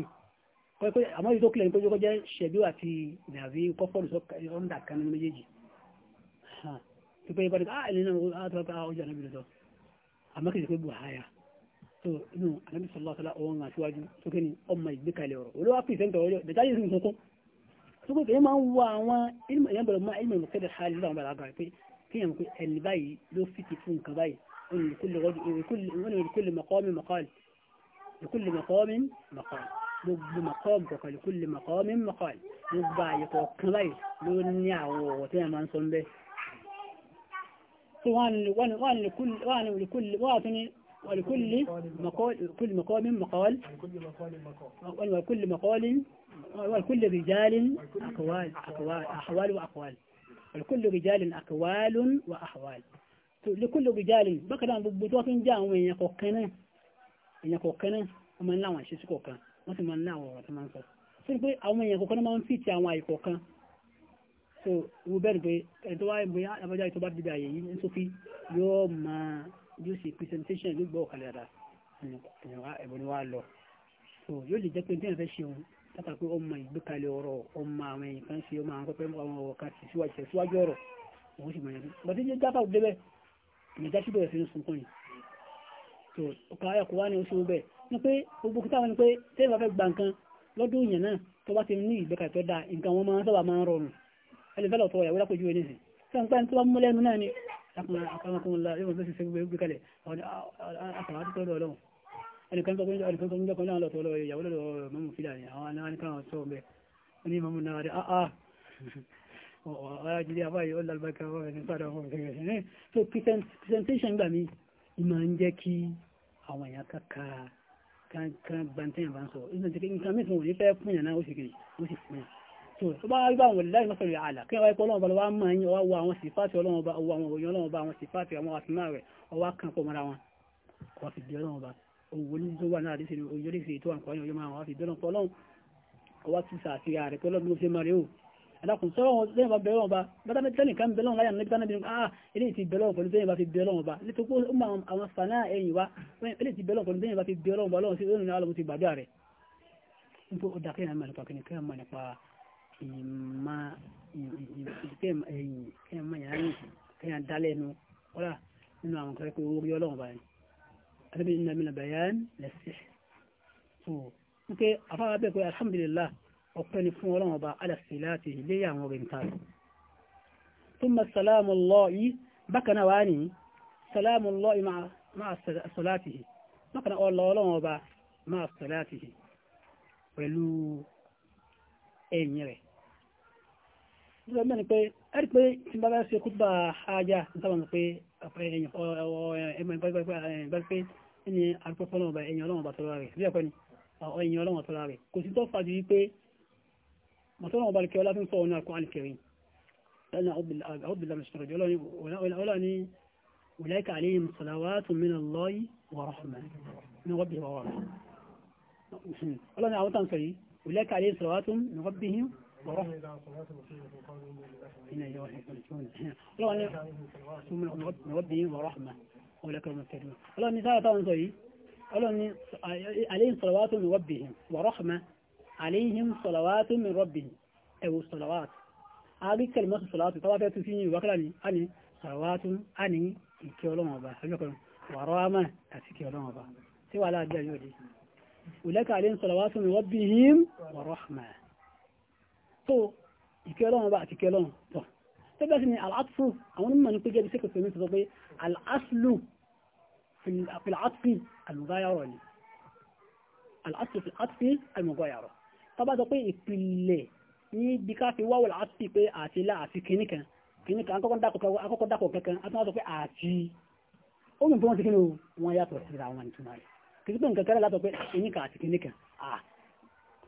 àmọ́ yìí tó kílẹ̀ ní kọ́kọ́ jẹ́ ṣẹ̀bí àti nazir kọ́fọ́ọ̀lù sọ́ndà kan nínú méjèèjì tó pé ìbánikà ah ẹni náà ó tọ́ so inú anabi sọlá sọlá ọwọ́ ńlá síwájú sókè ní ọmọ ìgbékalẹ̀ ọ̀rọ̀ olówó pìrìsẹ́ntọ̀ ọ̀rọ̀ dẹ̀tà yìí sọ kún sókè kìí máa ń wo àwọn ilmọ̀ ìyá bẹ̀rẹ̀ máa ilmọ̀ ìmọ̀kẹ́dẹ̀ hali lọ́wọ́ bàrà gàrí pé kí yẹn pé ẹni báyìí ló fi ti fún nǹkan báyìí wọn ni kúlè makọ́min makọ́l kúlè makọ́min makọ́l gbogbo makọ́m kọ̀kọ́ kúlè makọ́min makọ́l gbogbo àyè kọ̀ọ̀kan báyìí ló ní àwọn ọ̀wọ̀ tí yẹn máa ń sọ ń bẹ́. wọ́n ni kúlè wọ́n ni ولكل مقال كل مقام مقال ولكل مقال ولكل رجال أقوال أقوال أحوال وأقوال ولكل رجال أقوال وأحوال لكل رجال بكرة بطوة جاء وين يقوكنا إن يقوكنا ومن لا وان شيء كوكا ما تمن لا وان تمن صار سو بي àwọn èèyàn kọ̀ọ̀kan máa ń fi ti àwọn àìkọ̀ọ̀kan so wo bẹ́ẹ̀ ni pé ẹ̀tọ́ wáyé bóyá abájá ìtọ́ bá dìde bí ó ṣe presentation ló gbọ́ ọ̀kalẹ̀ dà ẹ̀bùn ni wà lọ so yóò lè jẹ́ pé ní ẹ̀fẹ́ ṣeun látà pé ọmọ ìgbékalẹ̀ ọ̀rọ̀ ọmọ àwọn èèyàn kan ṣe ọmọ àwọn pẹ́pẹ́ àwọn ọ̀rọ̀ kan sì síwájú ẹ̀ síwájú ọ̀rọ̀ òun sì mọ̀ yẹn bọ́ tí jáfà débẹ̀ ìyẹn jáfà bẹ̀rẹ̀ sí ní sunkún yìí so ọkọ̀ ayọ̀ kò wá ní oṣù bẹ́ẹ̀ ni pé gbogbo kí táwọn ni pé tẹ́lẹ̀ bá fẹ́ gba nǹkan lọ́dún yẹn náà tó bá ti ní ìgbékalẹ̀ tó dáa nǹkan wọn máa ń sábà máa ń rọrùn ẹlẹ́fẹ́ lọ́tọ̀ se akọ́nàkúnlá yóò bẹ́sì sí gbé kalẹ̀ àtàwátítọ́ lọ́wọ́ ẹnìkan tó gbẹ́jọ́ ẹnìkan tó ń jẹ́kọ́ láàrín lọ́tọ́ lọ́wọ́ ìyàwó lọ́wọ́ mọ́mù fílà ní àwọn anáríkan tó a bẹ ní mọ́mù náà rẹ̀ àà ọ̀rájílé àbáyé ó lálbákà wọ́n ní padà wọ́n fẹ́ rẹ̀ so presentation gbà mí ìmọ̀ ń jẹ́ kí àwọn èèyàn kàkà kan gbantẹ́yìn bá ń sọ nǹkan mìíràn wọ́n ní fẹ́ fún yàn náà ó sì fún yàn tó bá rí báwọn láì mọ́sọ̀rọ̀ àlà kí wáyé pọ́lọ́wọ́ bọ́lọ́wọ́ máa yín ọwọ́ àwọn sífàtì ọlọ́wọ́ bá ọwọ́ àwọn òyìn ọlọ́wọ́ bá àwọn sífàtì àwọn àtúnmá rẹ̀ ọwọ́ kan pọ̀ mọ́ra wọn kọ́ fi di ọlọ́wọ́ bá owó ní tó wà náà àdé sínú ojú oríṣi tó àǹkọ́ yóò máa wá fi di ọlọ́wọ́ ah eléyìí ti bẹ̀rẹ̀ wọn pẹ̀lú bẹ́yìn bá fi bẹ̀rẹ̀ wọn bá nítorí pé ó máa àwọn sànà ẹ̀yìn wa eléyìí ti bẹ̀rẹ̀ wọn pẹ̀lú bẹ́yìn bá ìmọ̀ ẹ̀yìn kẹ́ẹ̀mọ̀ ìyáyìn kẹ́ẹ̀ dálẹ́nu wọ́lá nínú àwọn kẹ́rẹ́ pé orí ọlọ́run bá ní adébí nínú àmì nàbẹ̀yàn lẹ́sẹ̀ so n pé afárá bẹ́ẹ̀ pé alhamdulillah ọpẹ́ ni fún ọlọ́run ọba alẹ́sẹ̀ láti ilé àwọn orin ta thumma salamu Allahi bákan náà wá ní salamu Allahi máa salatihi bákan náà ọlọ́run ọba máa salatihi pẹ̀lú ẹ̀yìn sísọ mẹ́rin pé ẹ̀rí pé tí bá bá ṣe kútùbà ajá nítorí wọn pé ẹ̀yìn àrùpọ̀pọ̀ náà bá ẹ̀yìn ọlọ́wọ̀n bá tọ́lá rẹ̀ bí ẹ̀kọ́ ni ẹ̀yìn ọlọ́wọ̀n tọ́lá rẹ̀ kò sí tó fàájú wípé mọ̀tọ́lọ́wọ̀n bá lè kẹ́ ọlá tó ń sọ ọ̀nà Al-Qur'an Al-Karim لأن أعوذ بالله من الشيطان الرجيم أولئك أولئك عليهم صلوات من الله ورحمة من ربهم ورحمة أولئك أعوذ أولئك عليهم صلوات من ربهم ورحمة ولك المستقيم الله مثال طبعا صحيح الله عليهم صلوات من ربهم ورحمة عليهم صلوات من ربهم أو صلوات هذه كلمة صلوات طبعا تفيني وكلاني أني صلوات أني كيولون أبا ورحمة كيولون أبا سوى لا جاء يولي ولك عليهم صلوات من ربهم ورحمة so ìkẹlọ́run bá àti ìkẹlọ́run tọ̀ tó bẹ́ẹ̀ sì ni al'atfu àwọn onímọ̀ ní pé gẹ́bí sẹ́kẹ̀ fèmí sọ pé al'aslu fil'atfi al-mughayara ni al'aslu fil'atfi al-mughayara tó bá sọ pé ìpìlẹ̀ ní bí ká fi wáwọ̀ al'atfi pé àti ilá àti kìnìkan kìnìkan akọ́kọ́ dákọ̀ kankan ni wọ́n yàtọ̀ síra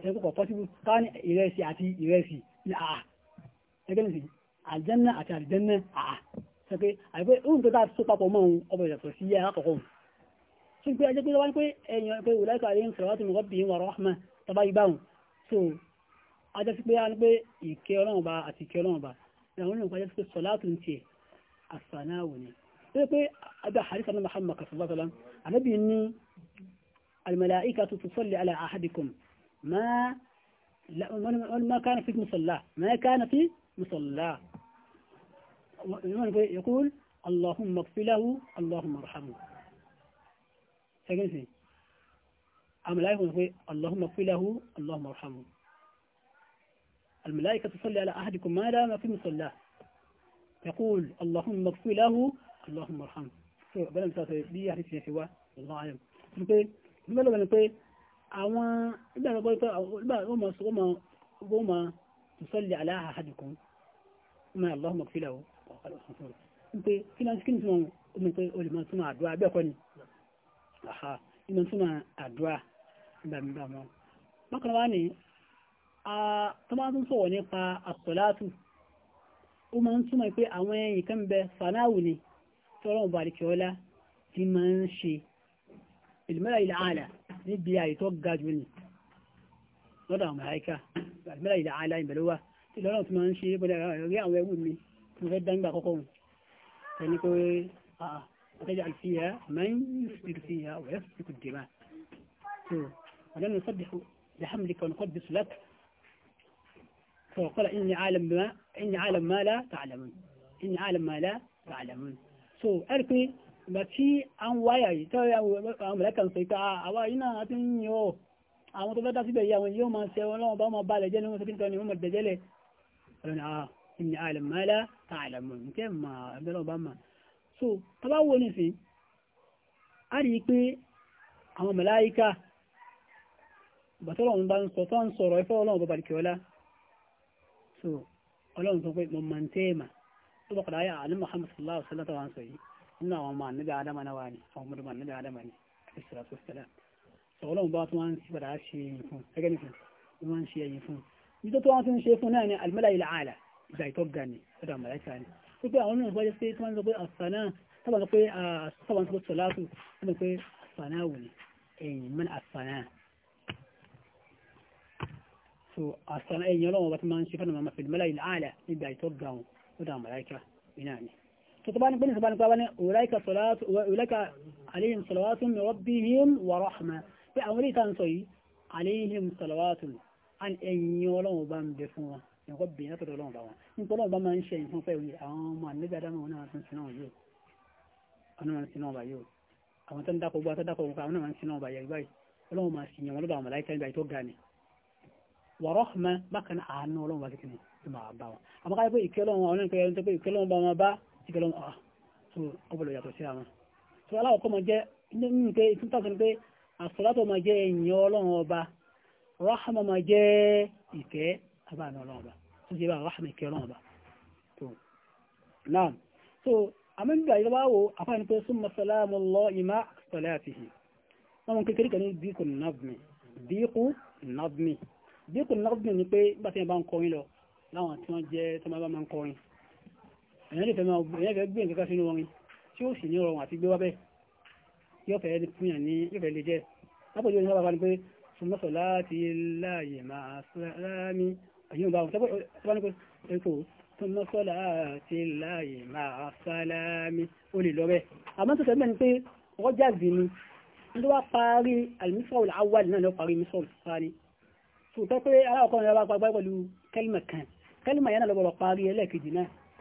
ẹ̀sẹ̀kọ̀ pọ́síbù káwà ní ìrẹsì àti ìrẹsì ní àà ẹgbẹ́ nìsí àlìjẹ́nà àti àlìjẹ́nà àà sẹ́pẹ́ àìpẹ́ ohun tó dáa tó papọ̀ mọ́ ohun ọmọ ìrẹsọ̀ sí yẹ́ alákọ̀ọ́kọ́ sí pé ajẹ́ pé wọ́n pé ẹ̀yàn pé wùláìkọ̀ àríyìn sọ̀rọ̀wátì mọ̀kọ́ bí wọ́n rọ́ọ̀mà tọba ìgbàhùn so ajẹ́ sí pé a ní pé ìkẹ́ ọlọ́run ba àti ìkẹ́ ọlọ́run ba ni tó pé abẹ́ àhàríkà Muhammad sallallahu alaihi wasallam ànábì ní almalaika tusalli ala ahadikum ما لا ما كان في مصلاه ما كان في مصلاه يقول اللهم اغفر له اللهم ارحمه سكن الملائكة يقول اللهم اغفر له اللهم ارحمه الملائكة تصلي على أحدكم ما دام في مصلاه يقول اللهم اغفر له اللهم ارحمه بلا مسافة دي حديث سوا الله أعلم نقول نقول نقول àwọn nígbàgbọ́ pé ó mọ̀ sọ́kọ́ mọ̀ ó mọ̀ sọ́lẹ̀ aláha àdìkún ọmọ àlọ́hùn mọ̀kílẹ̀ ó pé kí lọ́n kí ní túnmọ̀ ó mọ̀ pé olùmọ̀ túnmọ̀ àdúrà bẹ́ẹ̀ kọ́ ni àhà ìmọ̀ túnmọ̀ àdúrà ìgbàmìgbà mọ́ bákan wá ní tó máa tún sọ̀rọ̀ nípa àsọ̀látù ó máa ń túnmọ̀ pé àwọn ẹ̀yìn kan bẹ fanáwù ni tọ́lọ́mù balikiola ti máa ń ṣe الملاي العالى نبي يا يتوقع مني نرى مهايكا الملاي العالى بلوة تلو رمت ما نشي بلا يا ويا مني مغيب دنبا خوكم تنكو آه, آه. تجعل فيها من يفتر فيها ويفتك الدماء سو أنا نصبح لحملك ونقدس لك فقال إني عالم ما إني عالم ما لا تعلمون إني عالم ما لا تعلمون سو أركني ìgbà tí a ń wáyà yìí tọ́ àwọn mẹ̀lẹ́kà ń sọ ìta àwa yìí náà ti ń yìn ọ́ àwọn tó fẹ́ dá síbẹ̀ yìí àwọn yóò máa ṣe ọlọ́wọ́n bá máa balẹ̀ jẹ́ ní wọ́n sọ kíkọ́ ni wọ́n máa dẹ̀jẹ́ lẹ̀ ọ̀rọ̀ ni àà ìní àlẹ̀mọ́lá àlẹ̀mọ́ nítẹ́ máa ẹgbẹ́lọ́wọ́ bá so tó bá wo nìsín a rí i pé àwọn mẹ̀láyíkà bàtọ́lọ́wọ́n bá ń sọ tó ń sọ̀rọ̀ ẹ̀fọ́ ọlọ́wọ́n bá balẹ̀ kíọ́lá so ọlọ́wọ́n sọ pé mo máa ń tẹ́ mà tó bá padà yà àlẹ́ Muhammad sallallahu alaihi wa sallam sọ yìí nínú àwọn ọmọ àníbẹ̀ adama náà wà ní àwọn ọmọdé àníbẹ̀ adama ní ìsìlátò sẹlẹ̀ sọ̀rọ̀ bá tó wọ́n ń padà ṣe ẹ̀yìn fún gẹ́gẹ́ nìkan ni wọ́n ń ṣe ẹ̀yìn fún nítorí tó wọ́n ti ń ṣe fún náà ni alimẹ́lá ilẹ̀ àlà ìgbà ìtọ́ ga ni ọ̀dọ̀ àmàlẹ́ta ni ó pé àwọn olùgbọ́ jẹ́ pé tí wọ́n sọ pé àṣànà sábà sọ pé sábà sọ pé sọ̀láàtù wọ́n sọ pé àṣànà wò ni ẹ̀yìn mẹ́ni àṣànà so àṣànà ẹ̀yìn ọlọ́wọ́n bá ti máa ṣe fún àwọn ọmọ fìdímẹ́lá ilẹ̀ àlà nígbà ìtọ́ ga wọn ọ̀dọ̀ àmàlẹ́ta ni náà ni كتبان بني سبحانه وتعالى أولئك صلاة أولئك عليهم صلوات من ربهم ورحمة فأولي تنصي عليهم صلوات عن أن يولون بان بفوا من ربنا تدولون بان من طلون بان من شيء هم فيوي أما نبي دام هنا سنسنون يو أنا من سنون بايو أما تندقوا بوا تندقوا بوا أنا من سنون بايو باي ولو ما سنين ولو بان ملايكا باي توقعني ورحمة ما كان أعنو لهم باكتني ثم عباوا أما قال إكلون وعنين كيلون إكلون بما با ìgbẹ́lẹ́ ọ̀hà tó ọgbọ̀lọ̀ yàtọ̀ sí àwọn tó aláwọ̀kọ́ ma jẹ́ nínú pé ìtúntàkùn pé àsọ̀látọ̀ ma jẹ́ ẹ̀yìn ọlọ́run ọba rahama ma jẹ́ ìkẹ́ abáàmì ọlọ́run ọba tó jẹ́ bá rahama ìkẹ́ ọlọ́run ọba tó náà tó àmì nígbà yìí wáwo afáàní pé súnmọ́ sàlámù lọ ìmá sọlẹ́ àfihì wọn mú kékeré kan ní díkù nàbmi díkù nàbmi díkù nàbmi láwọn tí wọ́n jẹ́ tó máa ń kọrin èyàn lè fẹ́ gbé nǹkan sínú orin tí ó sì ní rọrùn àti gbé wábẹ́ yóò fẹ́ fún yàn ní yóò fẹ́ lè jẹ́ lápòjú ìjọba bá ní pé sọmọ́sọ̀ láti láàyè máa sálámí àyè òbá wọn sábà ní pé ẹ̀kọ́ sọmọ́sọ̀ láti láàyè máa sálámí ó lè lọ bẹ́ẹ̀ àmọ́ tó tẹ́lẹ̀ ní pé ọjà gbì ni ló wá parí alimisọ́ọ̀lù awal náà lọ parí misọ́ọ̀lù sáré tó tọ́ pé aláwọ̀kọ́ ni wọ́n bá parí pẹ̀lú kẹ́lìmọ̀ kan kẹ́lìmọ̀ yẹn náà lọ́gbọ̀rọ̀ parí ẹlẹ́ẹ̀kejì náà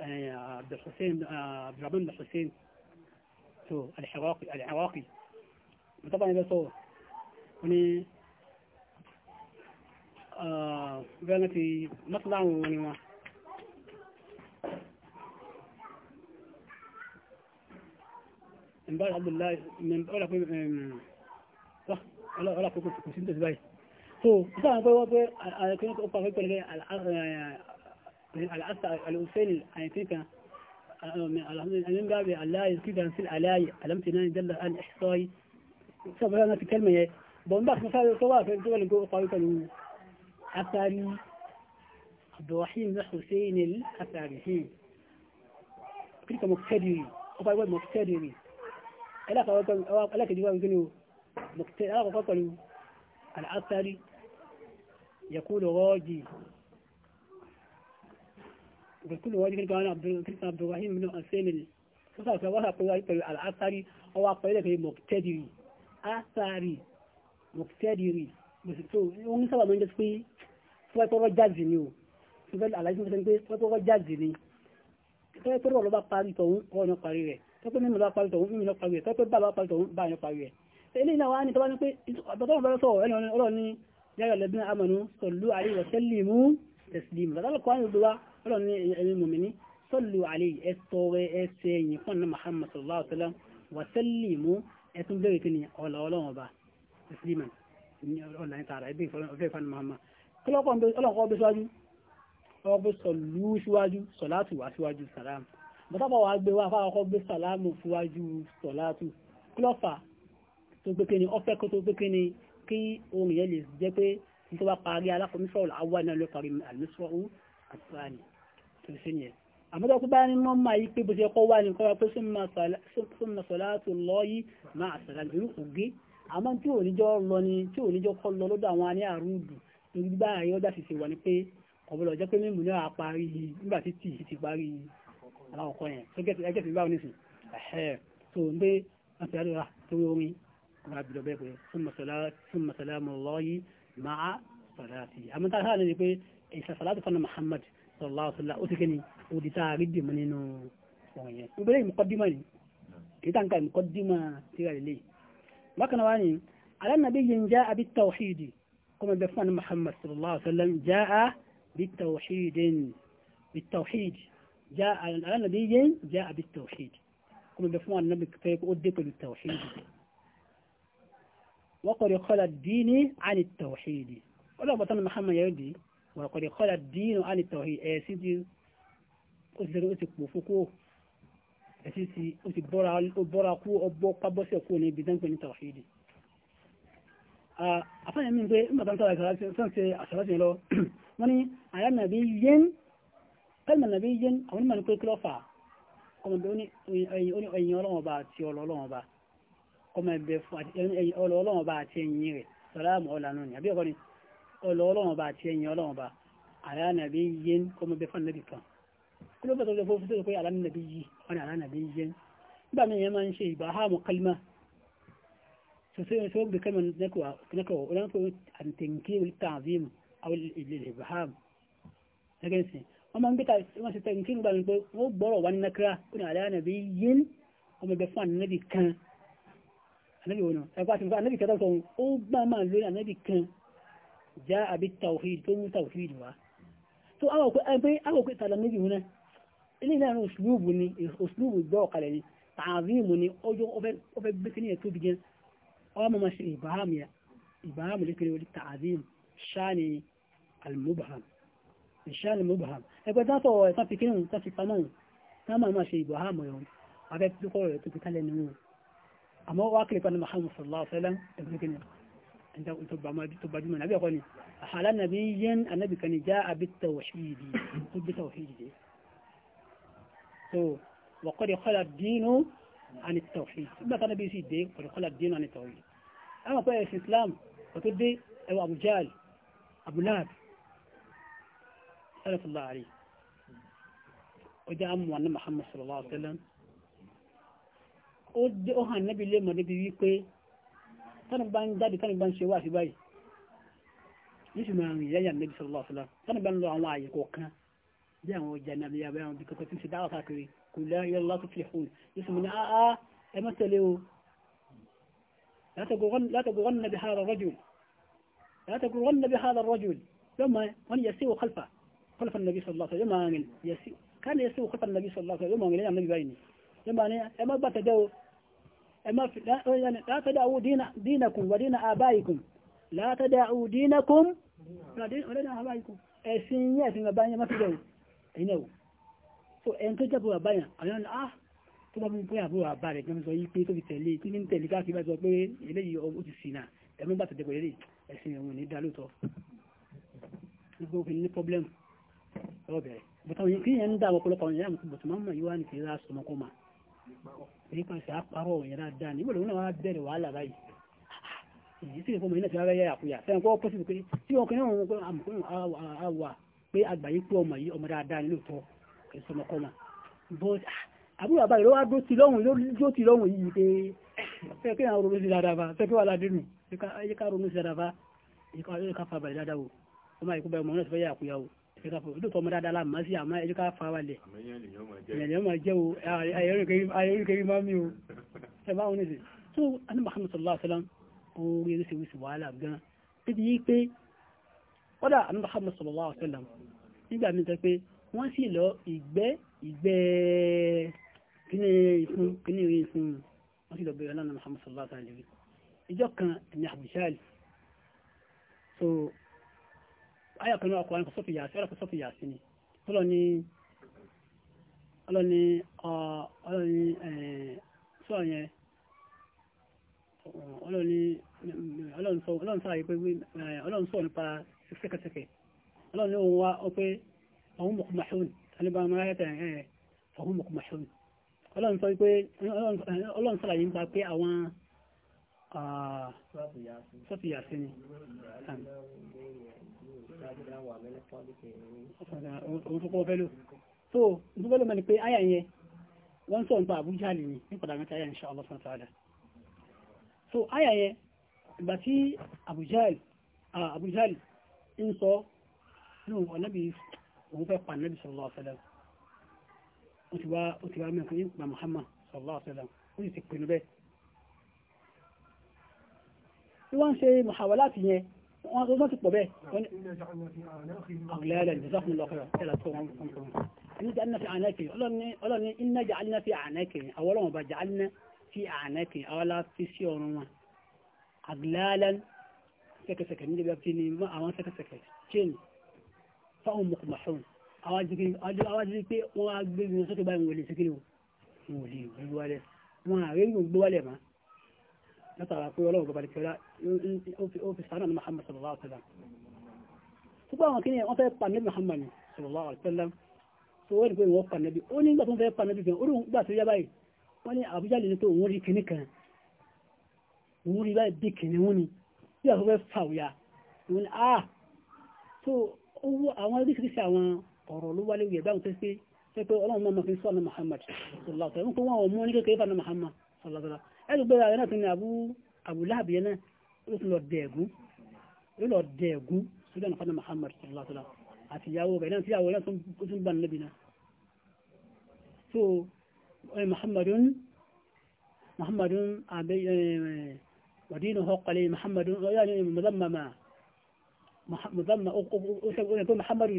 آه، عبد الحسين آه، عبد الرحمن بن حسين العراقي العراقي طبعا ده صور وني يعني، آه قالنا في مطلع وني امبارح عبد الله من اولى في آه، صح ولا ولا في كنت كنت باي هو ده هو كانت اوبا هيك الأسيل عيفيكا من باب الله يذكرك عن سل علاي ألم تناني جل عن إحصائي سبب أنا في كلمة بمبخ مثال الطواف الدول الجوء طريقة الأثاري عبد الرحيم بن حسين الأثاري كلك مقتدري أبا يقول مقتدري ألاك أقول ألاك جواب يقول مقتدري ألاك أقول الأثاري يقول راجي بكل وجه قال عبد الرحيم بن حسين فصار وصف العثري أو قيل في مقتدري àtàrí mọ̀kítẹ́rìrì gbèsìtò oní sábà mọ́ ń jẹ́ pé fúwẹ́pọ́rọ́ jáàzì ni o fúwẹ́pọ́rọ́ aláìsí mọ́sán pé fúwẹ́pọ́rọ́ jáàzì ni fúwẹ́pọ́rọ́ lọ́ba parí tọ̀hún ọ̀nà parí rẹ̀ tọ́pẹ́ mímu lọ́ba parí tọ̀hún mímu lọ́ba parí rẹ̀ tọ́pẹ́ bàbá parí tọ̀hún báyọ̀ parí rẹ̀ eléyìí náà wá ní tọ́ba ní pé àbọ̀tọ́ bá sọ̀rọ̀ ẹni ọlọ́ni yáyọ̀ lẹ́bí amanu sọ̀lú àríwọ̀ tẹ́lẹ̀ mú tẹ̀sílímù ọlọ́run ní ẹ̀yin mùmíní sọ́lù àlè ẹ̀tọ́ ẹ̀ṣẹ̀ ẹ̀yìn fún ọ̀nà Muhammad sallallahu alaihi wasallam wa sallimu ẹ̀tún bẹ̀rẹ̀ kí ni ọ̀là ọlọ́run ọba ìsìlímà ọ̀là ní tààrà ẹ̀bí ọ̀fẹ́ ìfàní Muhammad kílọ́kọ̀ ọlọ́kọ̀ ọbẹ̀ síwájú ọbẹ̀ sọ̀lú síwájú sọ̀látù wá síwájú sàlámù bọ́tàbọ̀ wà gbé wá fáwọn ọkọ̀ gbé sàlámù síwájú sọ̀látù kílọ́fà tó gbé kíni ọfẹ́ kó tó kí orin yẹn lè jẹ́ pé tó parí alákọ̀ọ́mísọ̀rọ̀ àwọn náà ló parí àlùsọ̀rọ̀ àtúwáni tó ṣe yẹn àmọ́tọ́ tó bá ní mọ́ máa yí pé bó ṣe kọ́ wá ní kọ́ wá pé súnmọ́ sọ̀látù lọ́yí máa sàlá ìlú ògé àmọ́ tí ò níjọ́ lọ ni tí ò níjọ́ kọ́ lọ lọ́dọ̀ àwọn aní àrùdù nígbà ayé ọjà sì ṣe wà ní pé ọ̀bọ̀lọ̀ jẹ́ pé mímú ní wàá parí nígbà tí tì í ti parí aláwọ̀kọ́ yẹn tó gẹ̀ẹ́sì ẹgẹ́sì báwọn nísìn tó sallallahu alaihi wasallam ó ti kéni òdì tá a rí dì mú nínú ọ̀rọ̀ yẹn gbogbo eléyìí muqaddima ni kìí tàǹkà muqaddima ti rà lélẹ̀ bákan náà wá ní alánàbí yẹn já àbí tawhidi kọ́mọ bẹ fún Muhammad sallallahu alaihi wasallam já a bí tawhidin bí tawhid já alánàbí yẹn já àbí tawhid kọ́mọ bẹ fún anábì fẹ́ kó dé pẹ̀lú tawhid wọ́n kọ́ wà kọ̀dẹ̀ kọ́lá dínú ánìtọ̀ ẹ̀sìn tí ó ti sẹ́kẹ́ ó ti pò fún kó ẹ̀sìn tí ó ti bọ́ra kú ọgbọ́ pábọ́sẹ̀ kú ní ibi dánkù ní tàwáhídì afẹ́yẹ̀mí pé nígbàtà tàwà sáǹsẹ̀ àṣàlásìn lọ <clears throat> wọ́n ni àyà nàbí yẹn kálmà nàbí yẹn àwọn onímọ̀ ní pé kílọ́fà kọmọdé ẹ̀yìn ọlọ́wọ̀ba àti ọlọ́wọ̀ba kọmọdé ọlọ́wọ̀ba àti ẹ̀yìn rẹ̀ sọ́lá ọlọ ọlọ́wọ́n bá àti ẹ̀yìn ọlọ́wọ́n bá alánàbí yẹn kọ́ mọ́ bẹ́ fún nàbí kan kí ló bẹ̀rẹ̀ fún fún pé alánàbí yìí wọ́n ni alánàbí yẹn nígbà mí yẹn máa ń ṣe ìbáhámù kalima sosai sai bi kalma na kawo ran ko an kuna ala nabiyyin amma be fan nabi kan anabi wono e ba o ba ma kan já àbí tawhid tó mú tawhid wá tó awọ̀ pé tààlà níbi wọn ilé ìlànà òṣùlùbù ni òṣùlùbù gbọ́ ọ̀kalẹ̀ ni tààzímù ni ọjọ́ ọfẹ́ gbé kí ní ẹ̀ tóbi jẹ́ ọmọ ma ṣe ìbáhàmù ya ìbáhàmù lè kéré orí tààzímù ṣáàni almubham ìṣáàni almubham ẹgbẹ́ tátọ̀ ẹ̀ta fi kírun tá fi pamọ́ tá máa ma ṣe ìbáhàmù yọ̀n afẹ́ pípọ̀ rẹ̀ tó fi kálẹ̀ nínú àmọ́ wákìlẹ̀ pẹ̀lú Muhammad sallallahu alaihi wasallam ẹgbẹ́ kí أنت تبعد من النبي أقول حال نبيا النبي كان جاء بالتوحيد قد بالتوحيد وقد خلى الدين عن التوحيد ما كان نبي سيد قد خلى الدين عن التوحيد أما قال الإسلام فقد أو أبو جال أبو لاب صلى الله عليه ودا أم محمد صلى الله عليه وسلم ودي أوها النبي لما نبي يقول tánà bá ń jáde tánà bá ń ṣe wá sí báyìí ní sì máa rìn yáyà níbi sallallahu alaihi wasallam tánà bá ń lọ àwọn àyè kọ̀ọ̀kan bí àwọn ọjà nàbí àbí àwọn ibi kankan tí ń ṣe dáwà káàkiri kò lẹ́yìn lọ́tọ̀ fi fún yìí sì mú ní àá ẹ má tẹ̀lé o látàgùrán nàbí hàrà rọ́jùl látàgùrán nàbí hàrà rọ́jùl yọ́mà wọ́n yẹ sí khalfa لا تدعوا دين دينكم ودين آبائكم لا تدعوا دينكم ودين آبائكم ẹ̀sìn yẹ́ ẹ̀sìn bàbá yẹn mọ́fíjẹ̀ ìnáwó so ẹn tó jẹ́bù bàbá yẹn àwọn ah tó bá mú bóyá bóyá bá rẹ̀ jẹ́ sọ yí pé tó fi tẹ̀lé tí ní tẹ̀lé káàkiri bá sọ pé eléyìí ó ti sì náà ẹ̀mú bá tẹ̀lé pẹ̀lú ẹ̀sìn ẹ̀wọ̀n ní dálótọ́ gbogbo òfin ní pọ́blẹ́mù ọ̀bẹ̀rẹ̀ bọ̀tàwọn yẹn kí yẹn ń dá ọ̀pọ̀lọpọ̀ yẹn àmọ́ bọ̀tàwọn mọ̀ yíwá ní kí èyí kan ṣe àparọ̀ òyìn dáadáa nígbà lóun náà wá bẹ̀rẹ̀ wàhálà báyìí èyí sì fún mi náà ti wá bẹ́yẹ àkúyà sẹ́yìn kọ́ pọ́sí pé tí ọkùnrin náà wọn àmùkún àwà pé àgbáyé pé ọmọ yìí ọmọ dáadáa nílò tọ́ ìsọmọkọ́mọ but ah, àbúrò àbáyé ló wá dó ti lọ́hùn ló ti lọ́hùn yìí pé fẹ́ kí àwọn ronú sí dáadáa bá fẹ́ kí wà ládínú yíká ronú sí dáadáa bá yíká fà bàlẹ̀ dáadáa wò ọmọ ìkúbẹ̀ ẹ̀ka fún ìlú tọmọ dáadáa láàmú sí àmọ́ ẹjọ́ ká fa wálẹ̀ ẹ̀yẹ̀lẹ̀ máa jẹ́ o ayọ̀rẹ́kẹ́rí máa mi o <laughs> ẹ bá wọn ní sí so anú Muhammad sallallahu alaihi wasallam ó rí oríṣi oríṣi wàhálà gan títí yí pé kódà anú Muhammad sallallahu alaihi wasallam nígbà mi sọ pé wọ́n sì lọ ìgbẹ́ ìgbẹ́ kíní ìfún kíní ìrìn ìfún wọ́n sì lọ bẹ̀rẹ̀ lánàá Muhammad sallallahu alaihi ìjọ kan ẹ̀mí àbùsáàlì so ayà kan náà kọ̀ọ̀rán kọ̀sọ́tù yà sí ọ̀rọ̀ kọ̀sọ́tù yà sí ni ọlọ́ni ọlọ́ni ọlọ́ni sọ́ọ̀ yẹn ọlọ́ni ọlọ́run sọ́ọ̀ sekete. pé ọlọ́run sọ́ọ̀ nípa sẹ́kẹsẹ́kẹ ọlọ́ni òun wá ọ pé ọ̀hún mọ̀kù màṣún alẹ́bà amáyàtà ẹ̀ ọ̀hún mọ̀kù màṣún ọlọ́run sọ pé ọlọ́run sọ́ọ̀ yìí ń pa pé àwọn ah, sọ́ọ̀tù yà sí ni o so ìdúgbọ́lọ́ mẹ́ni pé àyà yẹn wọ́n sọ nípa àbújá lè ní ní padà mẹ́ta àyà insha Allah subhanahu wa ta'ala so àyà yẹn ìgbà tí àbújá ń sọ ní ọ̀nàbí òun fẹ́ pa Nabi sallallahu alaihi wasallam ó ti wá mẹ́kàn ní pa Muhammad sallallahu alaihi wasallam ó sì ti pinnu bẹ́ẹ̀ wọ́n tó ti pọ̀ bẹ́ẹ̀ wọ́n ni iná jàálínà fi àánákìrì àwọn ọba jàálínà fi àánákìrì àwọn láti sí ọrùn wọn aglalan sẹ́kẹsẹ̀kẹ̀ ní ibi ni àwọn sẹ́kẹsẹ̀kẹ̀ chain fáwọn mọ̀kùnmáṣọ́n àwọn jírí pé wọ́n á gbé ìrìnà sókè báyìí wọlé síkìlì wọlé gbígbówálẹ̀ wọ́n àrẹ́yìn gbígbówálẹ̀ máa látara kuwa loo bàbá ìkẹ́lá ó u sàánà ní Muhammad sallallahu alaihi wasallam gbogbo àwọn kìnìyàn wọ́n fẹ́ Muhammad sallallahu alaihi wasallam tó wọ́n pé wọ́n pa nẹ́bí ó ní ìgbà tó ń fẹ́ pa nẹ́bí gan ó ní ìgbà tó yá báyìí wọ́n ní Àbújá lè ní pé òun rí kìnì kan òun rí báyìí bí kìnì wọn ni bí àwọn fẹ́ fà wíyà òun ni a tó owó àwọn oríṣiríṣi àwọn ọ̀rọ̀ ló wálé wíyà báwọn tó ṣe pé ọlọ́run máa fi sọ́ọ̀nà Muhammad sallallahu alaihi wasallam ẹ̀rù gbẹ́ra rẹ̀ náà tún ní àbú àbúláàbì yẹn náà ó tún lọ dẹ̀ẹ̀gún ó lọ dẹ̀ẹ̀gún sílẹ̀ nìkan náà Muhammad sallallahu alaihi wasallam àti ìyàwó rẹ̀ náà tíyàwó náà tún gbà níbi náà so eh, Muhammadun Muhammadun ودينه قليل محمد يعني مذمما مذمم أقول محمد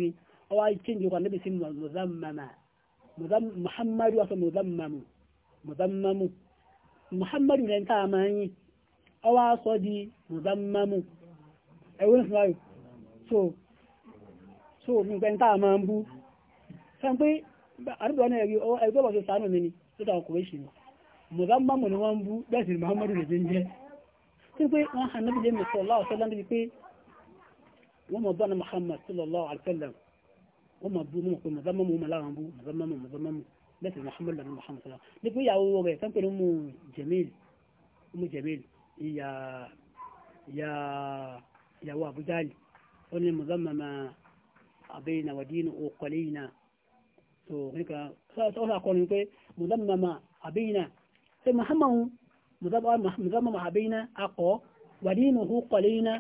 أو أي شيء يقول النبي سمى مذمما مذم محمد وصل مذمم مذمم muhammadu lẹ́ni tá a máa ń yìn ọwá sọ di muzammamu ẹ̀wọ́n fún ayò so so mi pẹ́ni tá a máa ń bú sẹ́n pé àdúgbò náà rí ọwọ́ ẹgbẹ́ ọ̀sẹ̀ sàánù mi ni tó ta ọkùnrin ṣì ni muzammamu ni wọ́n ń bú bẹ́ẹ̀ sì ni muhammadu lè jẹ́ tí pé wọ́n hàn níbi lẹ́mí sallallahu alaihi wasallam níbi pé wọ́n mọ̀ bọ́nà muhammad sallallahu alaihi wasallam wọ́n mọ̀ bú mọ̀ pé muzammamu mọ̀ láwọn bú muzammamu muzammamu bẹ́ẹ̀ sì muhammadu lọ́nà muhammadu sọ̀rọ̀ ní pé ìyàwó rẹ̀ sọ́n pẹ̀lú mu jamil mu jamil ìyá ìyá ìyàwó abujali ó ní muzammama abeyina wadini okọleyina tó nípa sọ́ọ́sọ́ akọni pé muzammama abeyina ṣe muhammadu muzammama abeyina akọ wadini okọleyina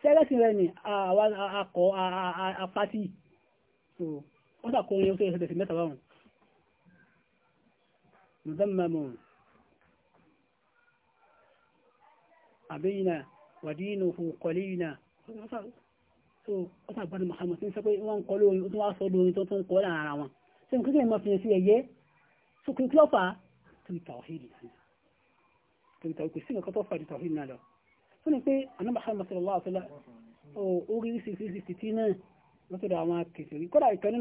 sẹ́lẹ̀sìn rẹ̀ ni àwọn akọ apáti tó ó sàkóyún tó yẹ sẹ́lẹ̀sìn mẹ́ta báwọn مذمم أبينا ودينه قلينا ọ̀sàgbàdì Muhammad ní sọ pé wọ́n ń kọ tó wá sọ lórí tó tún kọ́ láàára wọn tí n kí kí ọ̀fà torí tàwọ̀hìdì torí tàwọ̀hìdì kò sí nǹkan tó fà ní tàwọ̀hìdì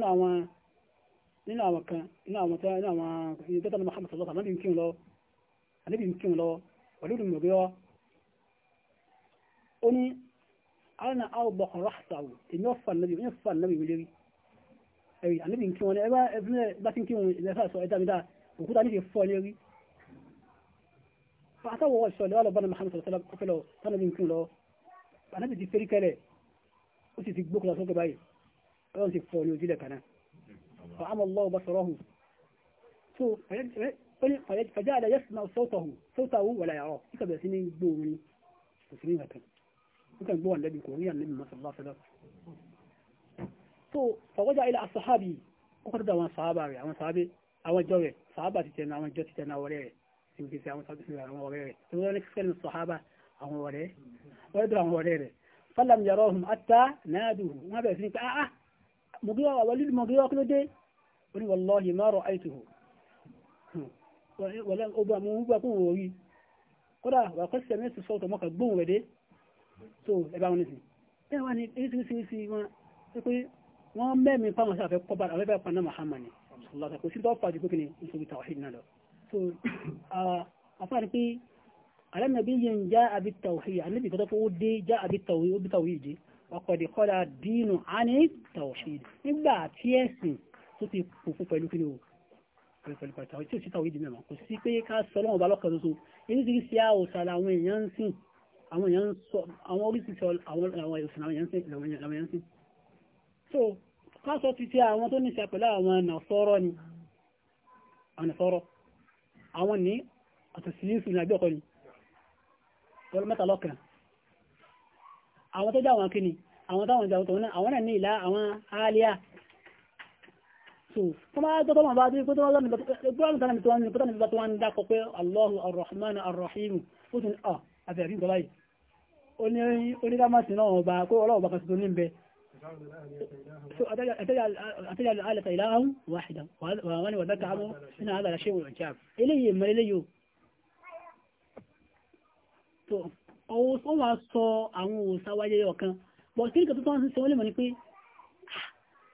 náà náà nínú àwọn kan nínú àwọn tó nínú àwọn ìyẹn tó tọ́nà Muhammad sọlọ́kà ànábì ń kírun lọ ànábì ń kírun lọ pẹ̀lú ìdùnnú òbí ọ ó ní àwọn náà àwọn bọ̀kọ̀ èmi ọ̀fà ànábì èmi ọ̀fà ànábì mi lérí ẹ̀rì ànábì ń kírun ní ẹ̀bá ẹ̀bílẹ̀ bá ti ń kírun ilẹ̀ fà sọ ẹ̀dá mi dá òkúta ní ti fọ́ lérí fàtàwọ̀ ìṣọ̀lẹ̀ wà lọ́bọ̀nà فعمى الله بصره فجعل يسمع صوته صوته ولا يراه كيف بيسيني دوني تسليم هكذا وكان بوان النبي كوريا النبي صلى الله عليه وسلم فوجع إلى الصحابي وقد دوان يا وان صحابي أول جوي صحابة تتنا وان جو تتنا وريه سيمكن سيامون صحابة تتنا وريه تقول لك كان الصحابة أهو وريه ويدرى أهو وريه فلم يروهم حتى نادوه ما بيسيني آه آه مغيرة وليد مغيرة كله orí wallahi ma ra'aytuhu ọba mú gbà kún orí kódà wà kọ́ sí ẹ̀mẹ́sì sọ́ọ̀tọ̀ mọ́kà gbóhùn rẹ̀ dé so ẹba wọn nìsí bẹ́ẹ̀ wá ní oríṣiríṣi wọn pé wọ́n mẹ́mí fáwọn sáfẹ́ kọ́bà àwọn ẹgbẹ́ paná mahama ni sọlọ́sà kò sí tó fàájú pé kìíní nítorí tawhid náà lọ so <coughs> afá ah, ni pé alẹ́ nàbí yẹn já àbí tawhid àníbi tó fowó dé já àbí tawhid ó bí tawhid dé ọkọ̀ dínú àní tawhid nígbà tí ẹ̀sìn tó ti kòkó pẹ̀lú kí ni o pẹ̀lú pàtàkì tí ò sí tàwé ìdìmọ̀ kò sí pé ká sọ lọ́wọ́ bá lọ́kàn tuntun èyí sì ṣe àwòsàn làwọn èèyàn ń sìn àwọn èèyàn ń sọ àwọn oríṣiríṣi àwọn àwọn èèyàn làwọn èèyàn ń sìn làwọn èèyàn ń sìn. so ká sọ ti ti àwọn tó ní ṣe pẹ̀lú àwọn nàfọ́rọ́ ni àwọn nàfọ́rọ́ àwọn ní àtòsílífù ní àgbẹ̀kọ ni pẹ̀lú mẹ́ta lọ́kàn àwọn tó jẹ́ àwọn kíni àwọn táwọn ìjà àwọn náà ní ìlà àwọn áálíà so tó bá tó tọ́mọ̀ bá dé pé tó bá lọ́nà ìgbà tó wá ń dákọ̀ pé Allahu Ar-Rahman Ar-Rahim ó tún ah, à àfẹ́rí nǹkan báyìí ó ní oníkàmásì náà ọba kó ọlọ́wọ́ bá kàṣì tó ní bẹ àtẹ́jà alẹ́ta ìlàáhùn wáhìdà wà ní wàdákà àmọ́ nínú àgbàlá ṣe wọ̀n kíá eléyìí mọ eléyìí tó ó wá sọ àwọn òòsà wáyé ọ̀kan bọ̀ sí ìkàtútọ́ ń sọ wọ́n lè mọ̀ ní pé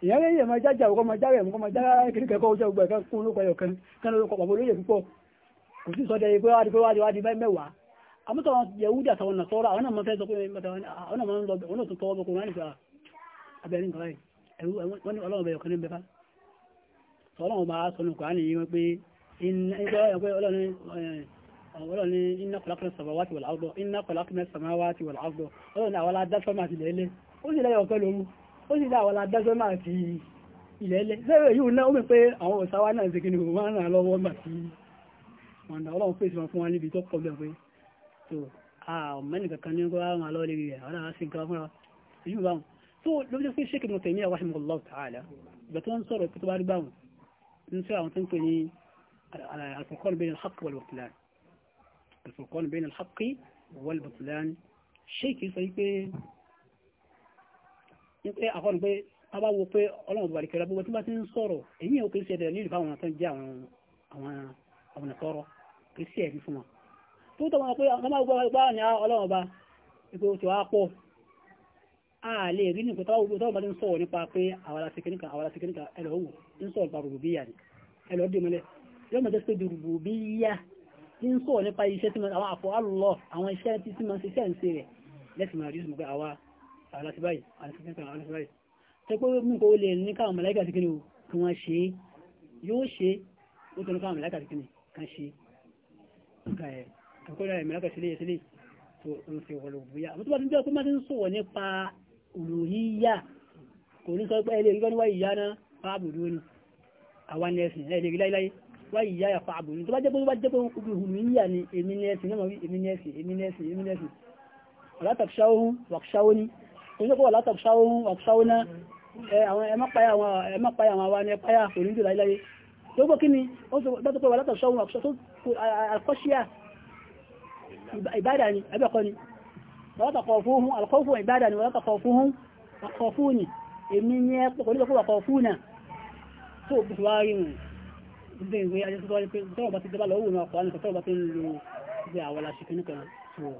ìyẹn lè yẹ máa jájà ọkọ máa járe ọkọ máa jára kìrìkẹ́ kọ́ ọjọ́ ọgbẹ̀ẹ́ kún olóko ẹyọ kan kán ló kọ̀ púpọ̀ kò sí sọdẹ ìpé wádìí pé wádìí wádìí mẹ́wàá àmútọ̀ yẹ̀wúdì àtàwọn nàtọ́ra àwọn àwọn náà lọ ó sì dáwọ́ la dájọ́ náà ti ilẹ̀ẹ́lẹ̀ sẹ́rẹ̀ yìí náà ó mẹ́ pé àwọn òsáwá náà ṣe kíni wọ́n ràn lọ́wọ́ mà sí ọ̀nà ọlọ́run pèsè wọn fún wọn níbi tó pọ̀ bẹ́ẹ̀ pé so mẹ́nì kankan ní kó ràn lọ́wọ́ lérí rẹ̀ ọ̀nà sí nǹkan fúnra èyí báwọn tó ló jẹ́ pé ṣéèkì mọ̀tẹ̀ àwọn ìmọ̀ lọ́wọ́ tààlà ìgbà tí ń sọ̀rọ̀ tó bá rí báwọn ń sọ àwọn tó ń pè ní الفرقان بين الحق والبطلان الفرقان بين الحق والبطلان شيء كيف ń pẹ́ àkọ́nù pé a bá wo pé ọlọ́run bàbá ìkẹrẹ gbogbo tí wọ́n ti ń sọ̀rọ̀ èyí ò kì í ṣe ẹ̀dẹ̀ nílùú fáwọn tó ń jẹ́ àwọn ìtọ́rọ̀ kì í ṣe ẹ̀rí fún wọn. tó tọ́ wọn pé wọ́n máa gbọ́ ipá ní ọlọ́run ọba ipò tí wàá pọ̀ a lè rí ní ìpẹ́tọ́ ogun tó bá ti ń sọ̀rọ̀ nípa pé àwàlá sìkìníkà àwàlá sìkìníkà ẹlọ́wọ̀ ń sọ̀rọ̀ nípa rùbùbíyà ni ẹlọ́ dì mọ́lẹ̀ yóò mọ̀ tẹ́sí pé rùbùbíyà ti ń sọ̀rọ̀ nípa iṣẹ́ tí mo àwọn àfọ̀ àlọ́ àwọn iṣẹ́ tí mo ṣiṣẹ́ ń ṣe rẹ̀ lẹ́sìn máa rí sùn pé àwa aláti báyìí aláti báyìí aláti báyìí tẹ́pẹ́ mú kó lè ní káwọn mọ̀láìkà sí kíni kí wọ́n ṣe yóò ṣe ó tọ́nu káwọn mọ̀láìkà sí kíni kan ṣe nǹkan ẹ̀ kọ́kọ́ rẹ̀ mọ̀láìkà sílé yẹ sílé tó ń fi wọ́lọ̀ bóyá àmọ́ tó bá ti jẹ́ pé má ti ń sọ̀wọ́ nípa olùyíyà kò ní sọ pé ẹ lè rí lọ́nà wáyé ìyá náà fáàbù lónìí àwa ní ẹ̀sìn ẹ lè rí láíláí wáyé ìyá yà fáàbù lónìí tó bá jẹ́ pé ó bá jẹ́ pé olùyíyà ni èmi ní ẹ̀sìn náà èmi ní ẹ̀sìn èmi ní ẹ̀sìn èmi ní ẹ̀sìn ọ̀lá tàbí ṣáwó hún wàkṣáwó ní kìí sọ́kọ̀ látàkùsáwọ́nà ẹmọ́páyà àwọn àwọn ni ẹpáyà kò ní jùlọ iláyé gbogbo kí ni ó sọ pé wà látàkùsáwọ́n àkọ́ṣíà ìbádà ni ẹbẹ̀kọ́ ni alkọ́fù ìbádà ni wà látàkọ̀ọ̀fún ni èmi ní ẹpọ̀ ní ọkọ̀ ọ̀fún náà tó bí wá rí wọn gbé ìwé ajẹ́sọ́gbọ́n pé tọ́wọ́ bá ti jọba lọ́wọ́ náà kọ́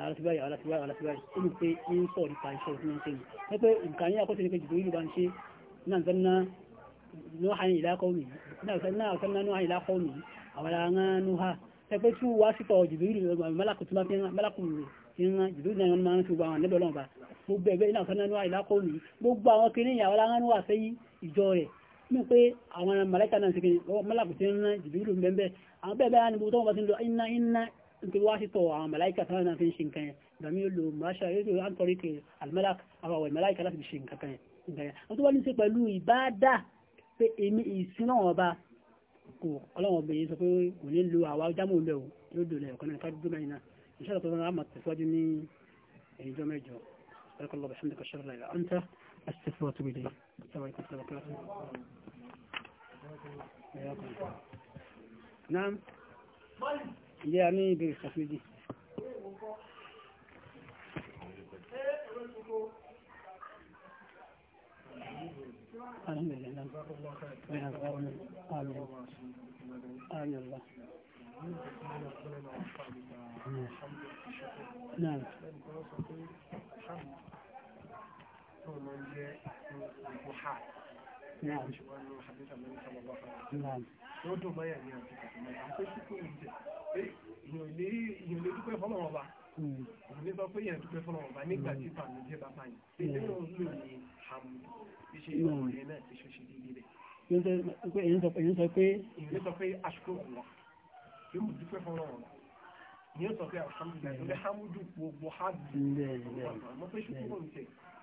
alásíbáyì alásíbáyì alásíbáyì ó ní pé ń sọ nípa iṣẹ́ òfin náà sẹ́yìn wọ́n nǹkan yẹn akọ́sẹ̀ ní pé jùlọ ń ṣe náà sẹ́nà náà sẹ́nà nóhàn àwọn ará nóhà ẹ pé tí wọ́n fi ń tí ń rán jùlọ ìlú bẹ́ẹ̀ bẹ́ẹ̀ àwọn bẹ́ẹ̀ bẹ́ẹ̀ á ní gbogbo tó wọn bá ti ń lọ iná iná nítorí wá sítọ̀ àwọn màláìkà tánà náà fi ń ṣe nǹkan yẹn ìgbàmí olò máṣá yóò tó ń tọrí pé almalak àwọn àwọn màláìkà láti fi ṣe nǹkan yẹn wọ́n tó wá ní ṣe pẹ̀lú ìbádà pé èmi ìsìn náà ọba kò ọlọ́wọ́n obìnrin sọ pé kò ní lo àwa jámù lẹ̀ o yóò dò lẹ̀ ọ̀kan náà kájú gbọ́mọ̀ iná ìṣẹ́ ìṣẹ́ ìṣẹ́ àmà tẹ̀síwájú ní ẹ̀yìnjọ́ mẹ́jọ ọ̀rẹ́kọ̀lọ́ bẹ̀ ṣẹ́ndẹ̀kọ̀ ṣẹ́rọ̀ láìlá ọ̀ntà àṣìṣẹ́fọ́ tó gbé dé sáwọn ikú sọ̀rọ̀ kíláàsì Naam ìyá ní ìbéèrè kàfíjì. نعم yóò dùn mọ́yà ní àti kàtàmọ́ àwọn tó ṣíkú sọ pé èèyàn dúpẹ́ hmm. tí fàmì jẹ́ bá fàyìn pé hmm. sọ pé èèyàn sọ pé aṣọ dúpẹ́ fọ́lọ́wọ́ bá èèyàn sọ pé alhamdulilayi ló hmm. lè hamudu gbogbo hadu ọmọ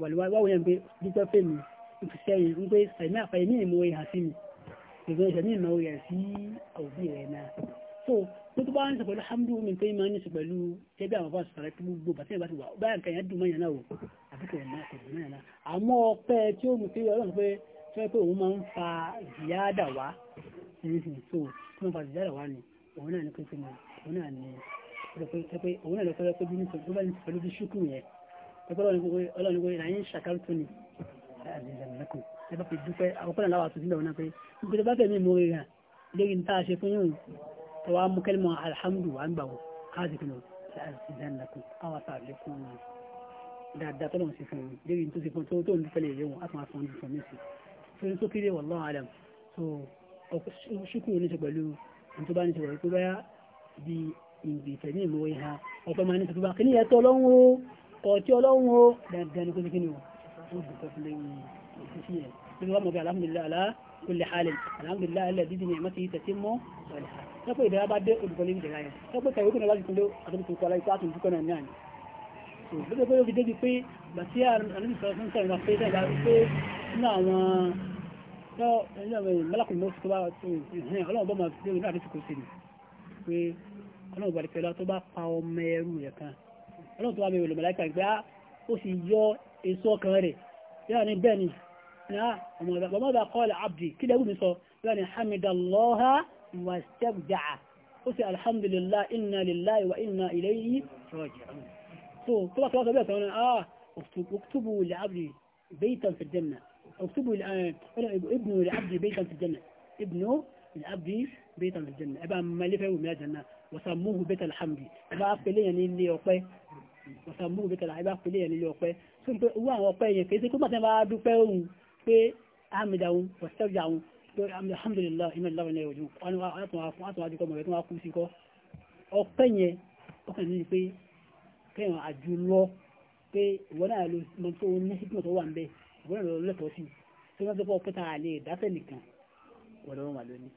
wàlúwà wáwọ̀ yẹn pé dúpẹ́ pé mi ń fi sẹ́yìn ń pé sẹ̀mí àfàyè ní ìmọ̀ ìhà sí mi ìgbẹ́ ìṣẹ̀mí ìmọ̀ rẹ̀ sí òbí rẹ̀ náà so tó tó bá ń sọ pẹ̀lú hamdu mi pé máa ń sọ pẹ̀lú ẹgbẹ́ àwọn fásitì rẹ̀ tó gbogbo bàtí ìbá ti wà báyà nǹkan yẹn dùn mọ́ yẹn náà wò àbíkọ̀ yẹn náà kò dùn mọ́ yẹn náà àmọ́ ọpẹ́ tí ó mú pé ọlọ́run pé tí wọ́n pé òun máa ń fa ìyáàdà wá so tí wọ́n fa ìyáàdà wá ni òun náà ní pé òun náà ní òun náà lọ fẹ́ pé bí ní sọ pẹ̀lú bí ṣúkú yẹn ọlọ́run ìlànà ṣàkàrùtù ni àzìzàmìlẹ́kùn ẹ bá fi dúpẹ́ àkọ́kọ́lẹ̀ láwà tó sílẹ̀ wọn pé nítorí bá tẹ̀mí mú rí rà lérí tá a ṣe fún alhamdu wa ń gbà wọ àzìkìlọ̀ àzìzàmìlẹ́kùn àwọn àtàlẹ́kùn dáadáa tó lọ́wọ́ sí fún un lérí tó sì fún tó tó ń adam so ṣùkúrò ní ṣe pẹ̀lú tó bá ní ṣe pẹ̀lú tó bá bí ìgbìtẹ̀ ní ìmọ̀ ìhà kọ̀ọ̀tí ọlọ́run ó dandan kó síkí ni ó dùkọ́ sí lẹ́yìn òṣìṣẹ́ rẹ̀ tí wọ́n mọ̀ bí alhamdulillah ala kulli hal alhamdulillah ala dídì ní ẹ̀mọ́tì tẹ̀sí mọ́ ọ̀lẹ̀ lọ́pọ̀ ìdára bá dé olùkọ́ kí ni ó fi ọlọ́run tó wá bẹ̀rẹ̀ lọ́mọláìka gbé á ó sì yọ èso ọkàn rẹ̀ yóò ní bẹ́ẹ̀ ni ọmọ ọba abdi kí lẹ́wù mi sọ yóò ní hamidallaha wa stabja'a ó sì alhamdulillah inna lillahi wa inna ilayhi pẹ́lẹ́yìn ní ilé ọpẹ́ ọ̀sán búrú bí kẹlà ibà pélé ẹ̀ nílé ọpẹ́ tó ń pẹ́ owó àwọn ọpẹ́ yẹn kì í ṣe kó màtí bá dúpẹ́ òun pé àmìdá òun ọ̀sẹ́jà òun pé alhamdulillah iná ìlànà ilẹ̀ òjò wọn wá dúkọ́ mọ̀ rẹ̀ tó wá kú sí kọ́ ọpẹ́ yẹn ọkàn ní pé kẹwọn àjùlọ pé ìwọ náà ló mọ tó ní sípò tó wà ń bẹ ìwọ náà lọ lẹ́tọ̀ọ́ sí tó wọ́n tó kọ́ pé tá a lè dáfẹ́ nìkan wọ́n lọ́wọ́ wà lónìí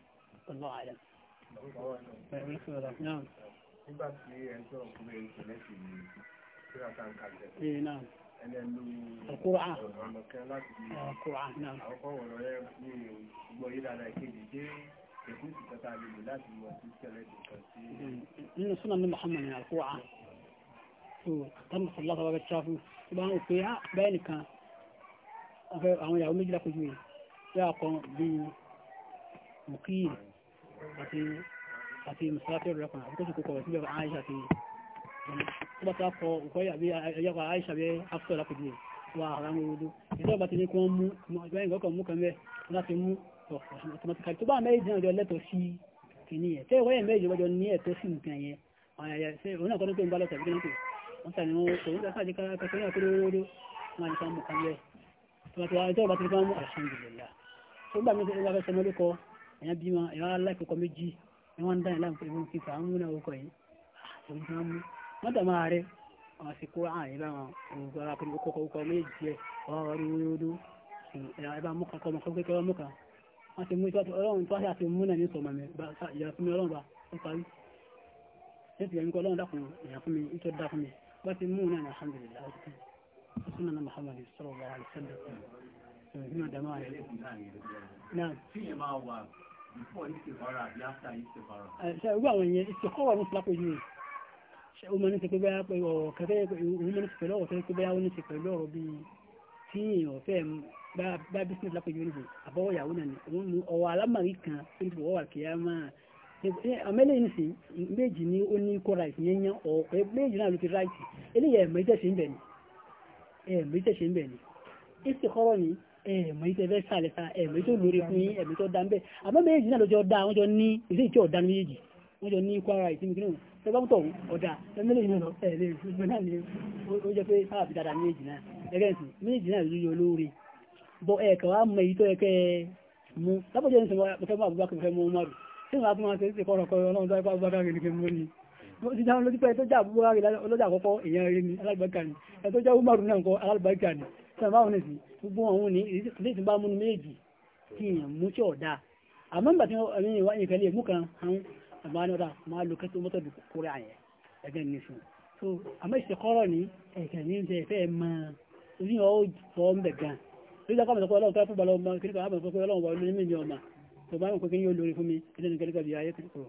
ọlọ́ àdàm. nígbà tí sí ni tíra tá n kà jẹ. ẹlẹ́nu ọ̀kúrán ọ̀kúrán náà. àwọn kọ́ wọ̀rọ̀ rẹ ní gbọ́ yìí dáadáa kejì dé èkó sì tẹ́ta lè lò láti wọ sí tẹ́lẹ̀ nìkan sí. nínú súnà ní Muhammad ní ọ̀kúrán tó tánà sọ̀rọ̀ láti wákàtí ṣáfù tó bá ń wò pé ah, bẹ́ẹ̀ nìkan àwọn ìyàwó méjìlá kojú rẹ̀ bẹ́ẹ̀ kan bíi mùkíyì àti àti mùsùlùmí rẹ̀ kan àti tó sì kókò rẹ̀ síbẹ̀ àìsà àti tó bá ti wá kọ nǹkan àbí ẹ̀yọ́kọ̀ àìsà bí afẹ́ lápẹ̀jù rẹ̀ wà ara ń rodo ìjọba ti ní kí wọ́n mú ìgbà ìgbọ́kọ̀ mú kan bẹ́ẹ̀ láti mú automatically tó bá méjì náà jọ lẹ́tọ̀ọ́ sí kìíní yẹn tẹ́ ìwọ́yẹ̀ méjì wọ́jọ ní ẹ̀tọ́ sí nǹkan yẹn òun náà kọ́ ló pé ń bá lọ́tọ̀ ìgbẹ́ wọ́n tàbí wọn kò ń dáfà jẹ́ká pẹ̀sẹ̀ náà kúrò rodo wọn àti sáàmù kan bẹ́ẹ̀ tó bá ti wá ìjọba ti fẹ́ mú alhamdulillah tó gbà mí tó bá fẹ́ sọmọ lóko ẹ̀yàn bímọ ẹ̀yàn aláìkókò méjì ẹ̀wọ̀n ń dá ìlànà ìfẹ́ ìfẹ́ àwọn múnà òkò yìí ah, wọ́n dàmọ́ ààrẹ àwọn sì kó àyè bá wọn òògùn ara pẹ̀lú kókó kókó méjì ẹ̀ ọ̀rọ̀ orí ẹ̀ bá mú kankan mọ̀ kankan kékeré mú kan wọ́n ti mú ìtọ́jú ọlọ́run tó àṣà ti mú náà ní sọ̀mọ̀ mi ìyá fún mi ọlọ́run bá ó parí ṣéètì ẹ̀mí kọ́ ọlọ́run dákun ìyá fún mi ìtọ́ dá mi bá ti mú náà ní alhamdulillah ó ti tán ó sún náà Muhammad sallallahu wà before ìsìnkọ́ra ṣe ìwé àwọn èèyàn ìsìnkọ́ra ní ó máa ní ṣe pé báyà pé ọ̀rọ̀ kẹfẹ́ òun máa ní ṣe pẹ̀lú ọ̀rọ̀ tẹ́lẹ̀ pé báyà ó ní ṣe pẹ̀lú ọ̀rọ̀ bíi tí èèyàn fẹ́ bá bísíǹsì lápẹjọ nìyí àbọ̀wọ̀ ìyàwó náà ni òun nu ọ̀rọ̀ alámàrí kan tó ń bọ̀ wà kíá máa àmẹ́lẹ̀ yìí sì méjì ni ó ní kó ráìtì yẹn yán ọ̀pẹ méjì náà ló ti ráìtì eléyìí ẹ̀mọ́ ìtẹ̀ ṣe ń bẹ̀ ni ẹ̀mọ́ ìtẹ̀ ṣe ń bẹ̀ ni ìsì kọ́rọ̀ ni ẹ̀mọ́ ìtẹ̀ fẹ́ sàlẹ̀ sa ẹ̀mọ́ ìtẹ̀ lórí fún yín ẹ̀mọ́ ìtẹ̀ ọ̀dà ń bẹ̀ àmọ́ méjì náà ló jọ da wọ́n jọ ní ìṣe ìtẹ̀ ọ̀dà méjì wọ́n jọ ní kó ráìtì tẹ́lọ́tọ̀ ọ̀dà ẹ̀mẹ́lẹ̀ yìí náà ẹ̀ lè fún náà ní ó jẹ́ pé sáàbì dáadáa méjì náà ẹgẹ́sì méjì náà lórí olóore bọ́ ẹ̀ẹ̀kọ̀ wá mọ èyí tó ẹ̀kẹ́ mú lápòjẹ́ ní sọmọ́ fẹ́ mú Abubakar fẹ́ mú Umaru tí wọ́n á tún máa ṣe ṣe kọ́rọ̀ kọ́rọ̀ ọlọ́run tó ẹ̀kọ́ Abubakar ní kí mú ni mo ti dáhùn lójú pé tó já Abubakar lọ́jà àkọ́kọ́ èèyàn rí ni alábàákà ni ẹ tó já Umaru náà kọ́ alábàákà gbogbo àwọn ní ilé ìtìbá mú méjì kí èèyàn mú tí ọ̀dà àmọ́ nígbà tí wọ́n ní ìwáyé kẹlẹ́ mú kan àwọn àmọ́ àná ọ̀dà máa lo kẹ́tọ́ mọ́tò kúrẹ́ àyẹ̀ ẹgbẹ́ ní sùn so àmọ́ ìṣèkọ́rọ̀ ní ẹ̀kẹ́ ní ṣe ìfẹ́ mọ́ ní ọ́ sọ ń bẹ̀ gan lójú àkọ́ àmọ̀sọ́kọ́ ọlọ́run tó fún balọ̀ ọmọ kíríkà àmọ̀sọ́kọ́ ọlọ́run wà lórí mímí ọmọ tó bá wọn kò kí yóò lórí fún mi kílẹ̀ ní kíríkà bí ayé kíríkà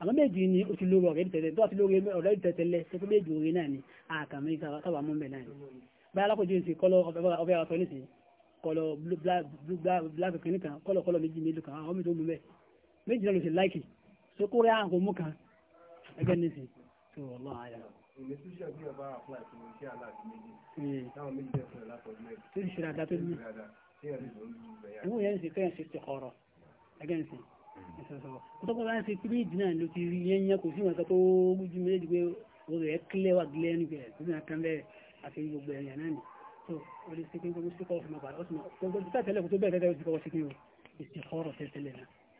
àmọ́ méjì ni o ti lórí ọ̀rẹ́ tẹ̀tẹ̀ tó ti lórí ọ̀rẹ́ tẹ̀tẹ̀lẹ̀ tó tó méjì orí náà ni àkàmì sábà mú bẹ̀ náà ni báyà alákòjú ìsìn kọ́lọ́ ọbẹ̀ ọ̀tọ̀ nísìn kọ́lọ́ black kìnnìkan kọ́lọ́ kọ́lọ́ méjì mélòó kan àwọn méjì ó mú bẹ́ẹ̀ méjì náà ló ṣe láìkì ṣe kó rẹ̀ àǹkó mú kan ẹgbẹ́ nísìn tó wọ́n lọ́wọ́ ayà. èmi tún ṣe àgbéyàn bá àpá àti mi ṣe aláàbí méjì táwọn méjì bẹ́ẹ̀ fún ẹ látọ̀ mẹ́rin. tí ń ṣe dáadáa tó ní. ìwọ yẹn ń ṣe kẹ́yìn ṣe ti kọ̀rọ̀ ẹgbẹ́ nísìn. Hmm. kótó kó bá ń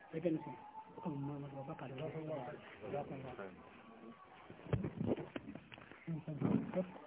méjì Thank you.